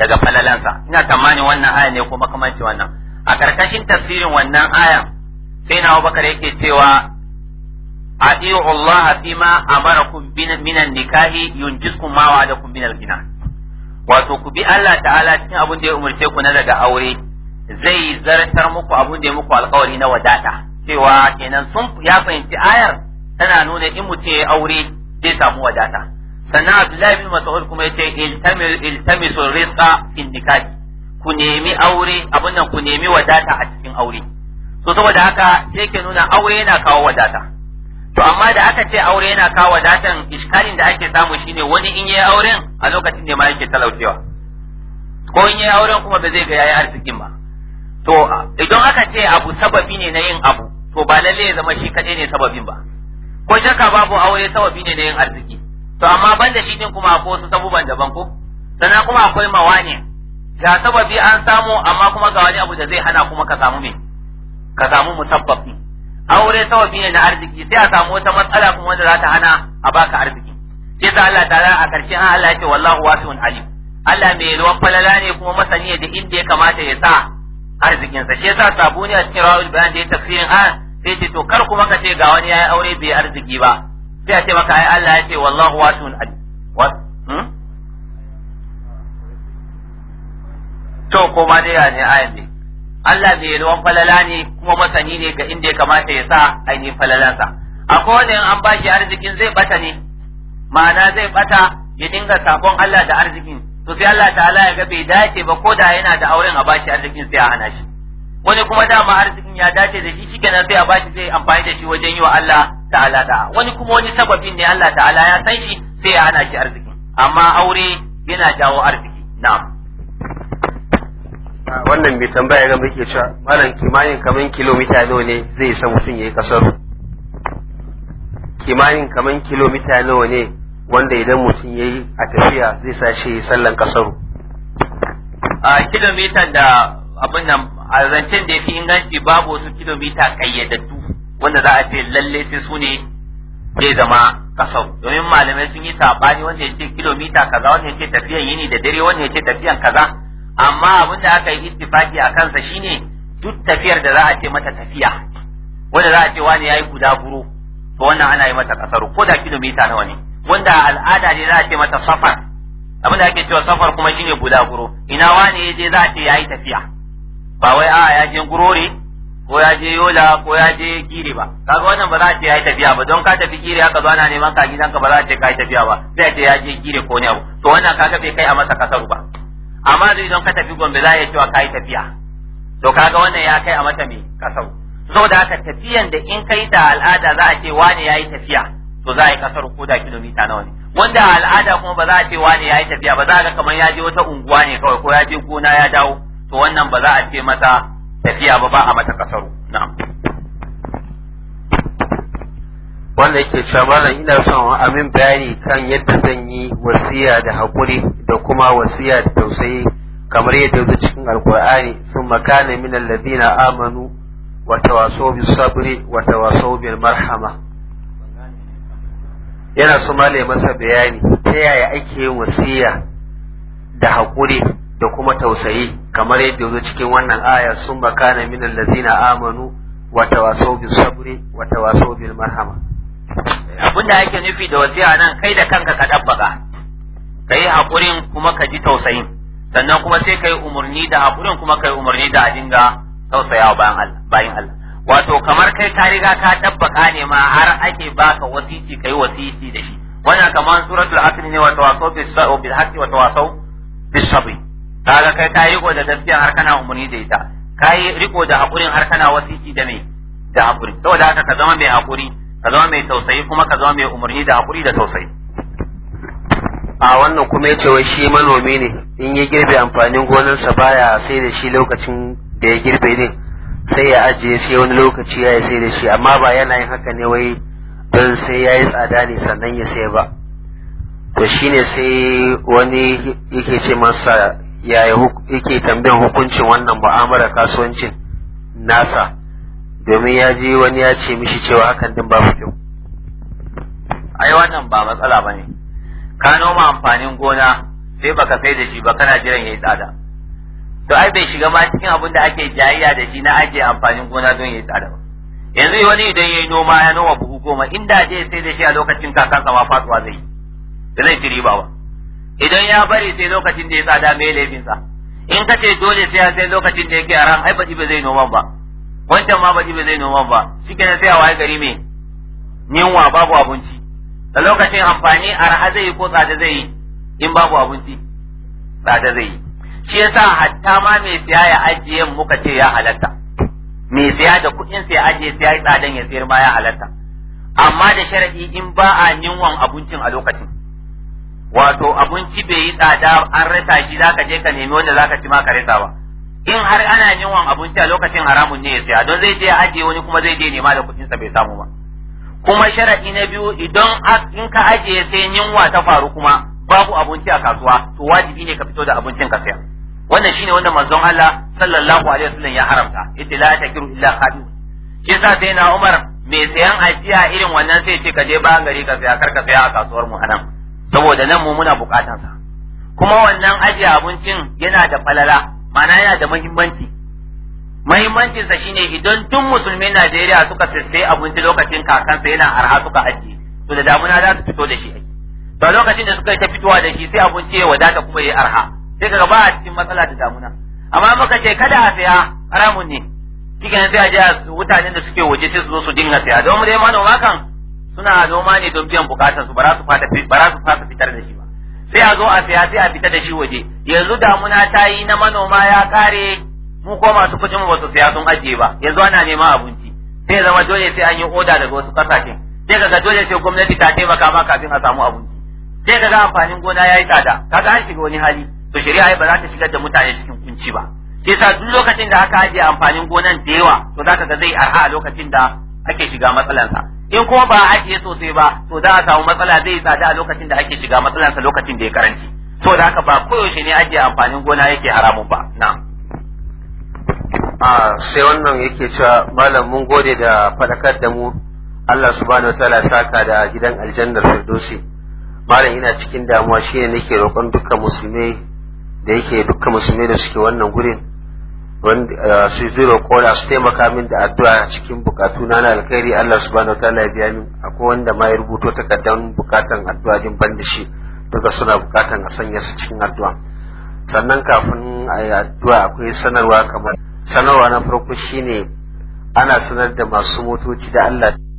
daga falalansa ina tamani wannan aya ne ko makamanci wannan a karkashin tafsirin wannan aya sai na Abubakar yake cewa ati'u Allah fi ma amarakum minan nikahi yunjiskum ma wa'adakum minal gina wato ku bi Allah ta'ala cikin abin da ya umurce ku na daga aure zai zartar muku abun da ya muku alkawari na wadata cewa kenan sun ya fahimci ayar tana nuna in mutum ya aure zai samu wadata sannan Abdullahi bin Mas'ud kuma yace iltamil iltamisu rizqa in nikah ku nemi aure abin nan ku nemi wadata a cikin aure so saboda haka sai ke nuna aure yana kawo wadata to amma da aka ce aure yana kawo wadatan iskalin da ake samu shine wani in yayi auren a lokacin ne ma yake talaucewa ko in yayi auren kuma ba zai ga yayi arzikin ba to idan aka ce abu sababi ne na yin abu to ba lalle ya zama shi kaɗai ne sababin ba ko shakka babu aure sababi ne na yin arziki to amma ban da shi din kuma akwai wasu sabuban daban ko sannan kuma akwai mawani ga sababi an samu amma kuma ga wani abu da zai hana kuma ka samu me ka samu musabbab aure sababi ne na arziki sai a samu wata matsala kuma wanda za ta hana a baka arziki sai ta Allah ta'ala a karshe an Allah ya ce wallahu wasi'un alim Allah mai ruwan falala ne kuma masaniya da inda ya kamata ya sa arzikinsa shi yasa sabuni a cikin rawul bayan da ya tafsirin ayan sai ce to kar kuma ka ce ga wani yayi aure bai arziki ba sai a ce maka ai Allah ya ce wallahu wasiun alim hmm? to koma dai ya ne ayan ne Allah yi ruwan falala ne kuma masani ne ga inda ya kamata ya sa ainihin falalansa akwai wani an baki arzikin zai bata ne ma'ana zai bata ya dinga sakon Allah da arzikin to sai Allah ta'ala ya ga bai dace ba ko da yana da auren a bashi arzikin sai a hana shi wani kuma dama arzikin ya dace da shi shikenan sai a bashi sai amfani da shi wajen yi wa Allah ta'ala da wani kuma wani sababin ne Allah ta'ala ya san shi sai ya hana shi arzikin amma aure yana jawo arziki na'am ah, wannan mai tambaya ga muke cewa malam kimanin kaman kilomita nawa ne zai sa mutum yayi kasar kimanin kaman kilomita nawa ne wanda idan mutum ya yi a tafiya zai sa shi sallan kasaru a kilomita da abin nan a zancen da ya fi inganci babu wasu kilomita kayyadattu wanda za a ce lalle sai su ne zai zama kasau domin malamai sun yi saɓani wanda ya ce kilomita kaza wanda ya ce tafiyan yini da dare wanda ya ce tafiyan kaza amma abin da aka yi istifaki a kansa shine duk tafiyar da za a ce mata tafiya wanda za a ce wani ya yi guda buro to wannan ana yi mata kasaru ko da kilomita nawa ne wanda al'ada ne za a ce mata safar abin da ake cewa safar kuma shine bulaguro ina wane ya je za a ce yayi tafiya ba wai a ya je gurori, ko ya je yola ko ya je kiri ba kaga wannan ba za a ce yayi tafiya ba don ka tafi kiri haka zuwa na neman ka gidanka ba za a ce kai tafiya ba sai a ce ya je kiri ko ne abu to wannan kaga bai kai a masa kasaru ba amma zai don ka tafi gombe za a cewa kai tafiya to kaga wannan ya kai a mata mai kasau saboda haka tafiyan da in kai ta al'ada za a ce wane yayi tafiya to za a yi kasar ko da kilomita nawa ne wanda al'ada kuma ba za a ce wane ya yi tafiya ba za a ga kamar ya je wata unguwa ne kawai ko ya je gona ya dawo to wannan ba za a ce mata tafiya ba ba a mata kasaru na'am wanda yake cewa ina son amin bayani kan yadda zan yi wasiya da haƙuri da kuma wasiya da tausayi kamar yadda zuwa cikin alkur'ani sun makana min alladhina amanu wa tawasaw bis sabri wa bil marhama yana so malai masa bayani ta yaya ake yin wasiya da haƙuri da kuma tausayi kamar yadda yazo cikin wannan aya sun na min allazina amanu wa tawasaw bis sabri wa tawasaw bil marhama abinda yake nufi da wasiya nan kai da kanka ka ka kai haƙurin kuma ka ji tausayin sannan kuma sai kai umurni da haƙurin kuma kai umurni da a dinga tausayawa bayan Allah wato kamar kai ka riga ka tabbaka ne ma har ake baka wasiti kai wasiti da shi wannan kamar suratul asr ne wato waso sa'u bil haqqi wato waso bi sabri kaga kai ka riko da gaskiya har kana umuni da ita kai riko da hakurin har kana wasiti da me da hakuri saboda haka ka zama mai hakuri ka zama mai tausayi kuma ka zama mai umurni da hakuri da tausayi a wannan kuma ya ce wai shi manomi ne in ya girbe amfanin gonarsa baya sai da shi lokacin da ya girbe ne sai ya ajiye sai wani lokaci ya yi sai da shi amma ba yana yin haka ne wai don sai ya yi tsada ne sannan ya sai ba to shine sai wani yake ce masa yaya yake tambayan hukuncin wannan mu'amala kasuwancin nasa domin ya ji wani ya ce mishi cewa hakan din babu kyau ai wannan ba matsala bane ka noma amfanin gona sai baka sai da shi ba kana jiran ya yi tsada to ai bai shiga ma cikin abin da ake jayayya da shi na ake amfanin gona don yayi tsada ba yanzu wani idan yayi noma ya noma buhu goma inda je sai da shi a lokacin kakansa ma fasuwa zai yi da zai ci riba ba idan ya bari sai lokacin da ya tsada mai laifinsa in ka ce dole sai ya sai lokacin da yake a ran ai baɗi ba zai noman ba wancan ma baɗi ba zai noman ba shi kenan sai a waye gari mai yunwa babu abinci da lokacin amfani arha zai yi ko tsada zai yi in babu abinci tsada zai yi shi yasa hatta ma mai siya ya ajiye muka ce ya halatta mai siya da kuɗin sai ajiye siya ya tsadan ya sayar ma ya halatta amma da sharadi in ba a ninwan abincin a lokacin wato abinci bai yi tsada an rasa shi zaka je ka nemi wanda zaka ci ma ka rasa ba in har ana ninwan abinci a lokacin haramun ne ya siya don zai je ya ajiye wani kuma zai je nema da sa bai samu ba kuma sharadi na biyu idan in ka ajiye sai yunwa ta faru kuma babu abinci a kasuwa to wajibi ne ka fito da abincin ka saya wannan shine wanda manzon Allah sallallahu alaihi wasallam ya haramta yace la takiru illa khadim shi yasa sai na Umar mai sayan ajiya irin wannan sai ce ka je ba gari ka saya kar ka saya a kasuwar mu anan saboda nan mu muna bukatan sa kuma wannan ajiya abincin yana da falala ma'ana yana da muhimmanci muhimmancin sa shine idan tun musulmin Najeriya suka sai abinci lokacin kakansa yana arha suka ajiye to da damuna za su fito da shi ba lokacin da suka yi ta fitowa da shi sai abun ya wadata kuma ya arha sai kaga ba a cikin matsala da damuna amma muka ce kada a saya haramun ne cikin sai a je mutanen da suke waje sai su zo su dinga saya don mu dai manoma kan suna noma ne don biyan bukatar su ba za su fata ba su fata fitar da shi ba sai a zo a saya sai a fita da shi waje yanzu damuna ta yi na manoma ya kare mu ko masu kuɗin ba su saya sun ajiye ba yanzu ana neman abinci sai zama dole sai an yi oda daga wasu kasashen sai kaga dole sai gwamnati ta taimaka ma kafin a samu abinci sai kaga amfanin gona yayi tsada kaga an shiga wani hali to shari'a ba za ta shigar da mutane cikin kunci ba Ke sa duk lokacin da aka ajiye amfanin gonan da yawa to zaka ga zai arha a lokacin da ake shiga matsalansa in kuma ba a ajiye sosai ba to za a samu matsala zai tsada a lokacin da ake shiga matsalansa lokacin da ya karanci to da haka ba koyaushe ne ajiye amfanin gona yake haramun ba na'am sai wannan yake cewa malam mun gode da faɗakar da mu Allah subhanahu wa ta'ala saka da gidan aljannar firdausi malam ina cikin damuwa shine nake roƙon dukkan musulmai da yake dukkan musulmai da suke wannan gurin uh, su yi roƙo da su taimaka min da addu'a cikin bukatu na na alkhairi Allah subhanahu wataala ya biya min akwai wanda ma ya rubuto takardar bukatan addu'a din ban da shi duka suna bukatan a sanya su cikin addu'a sannan kafin a yi addu'a akwai sanarwa kamar sanarwa na farko shine ana sanar da masu motoci da Allah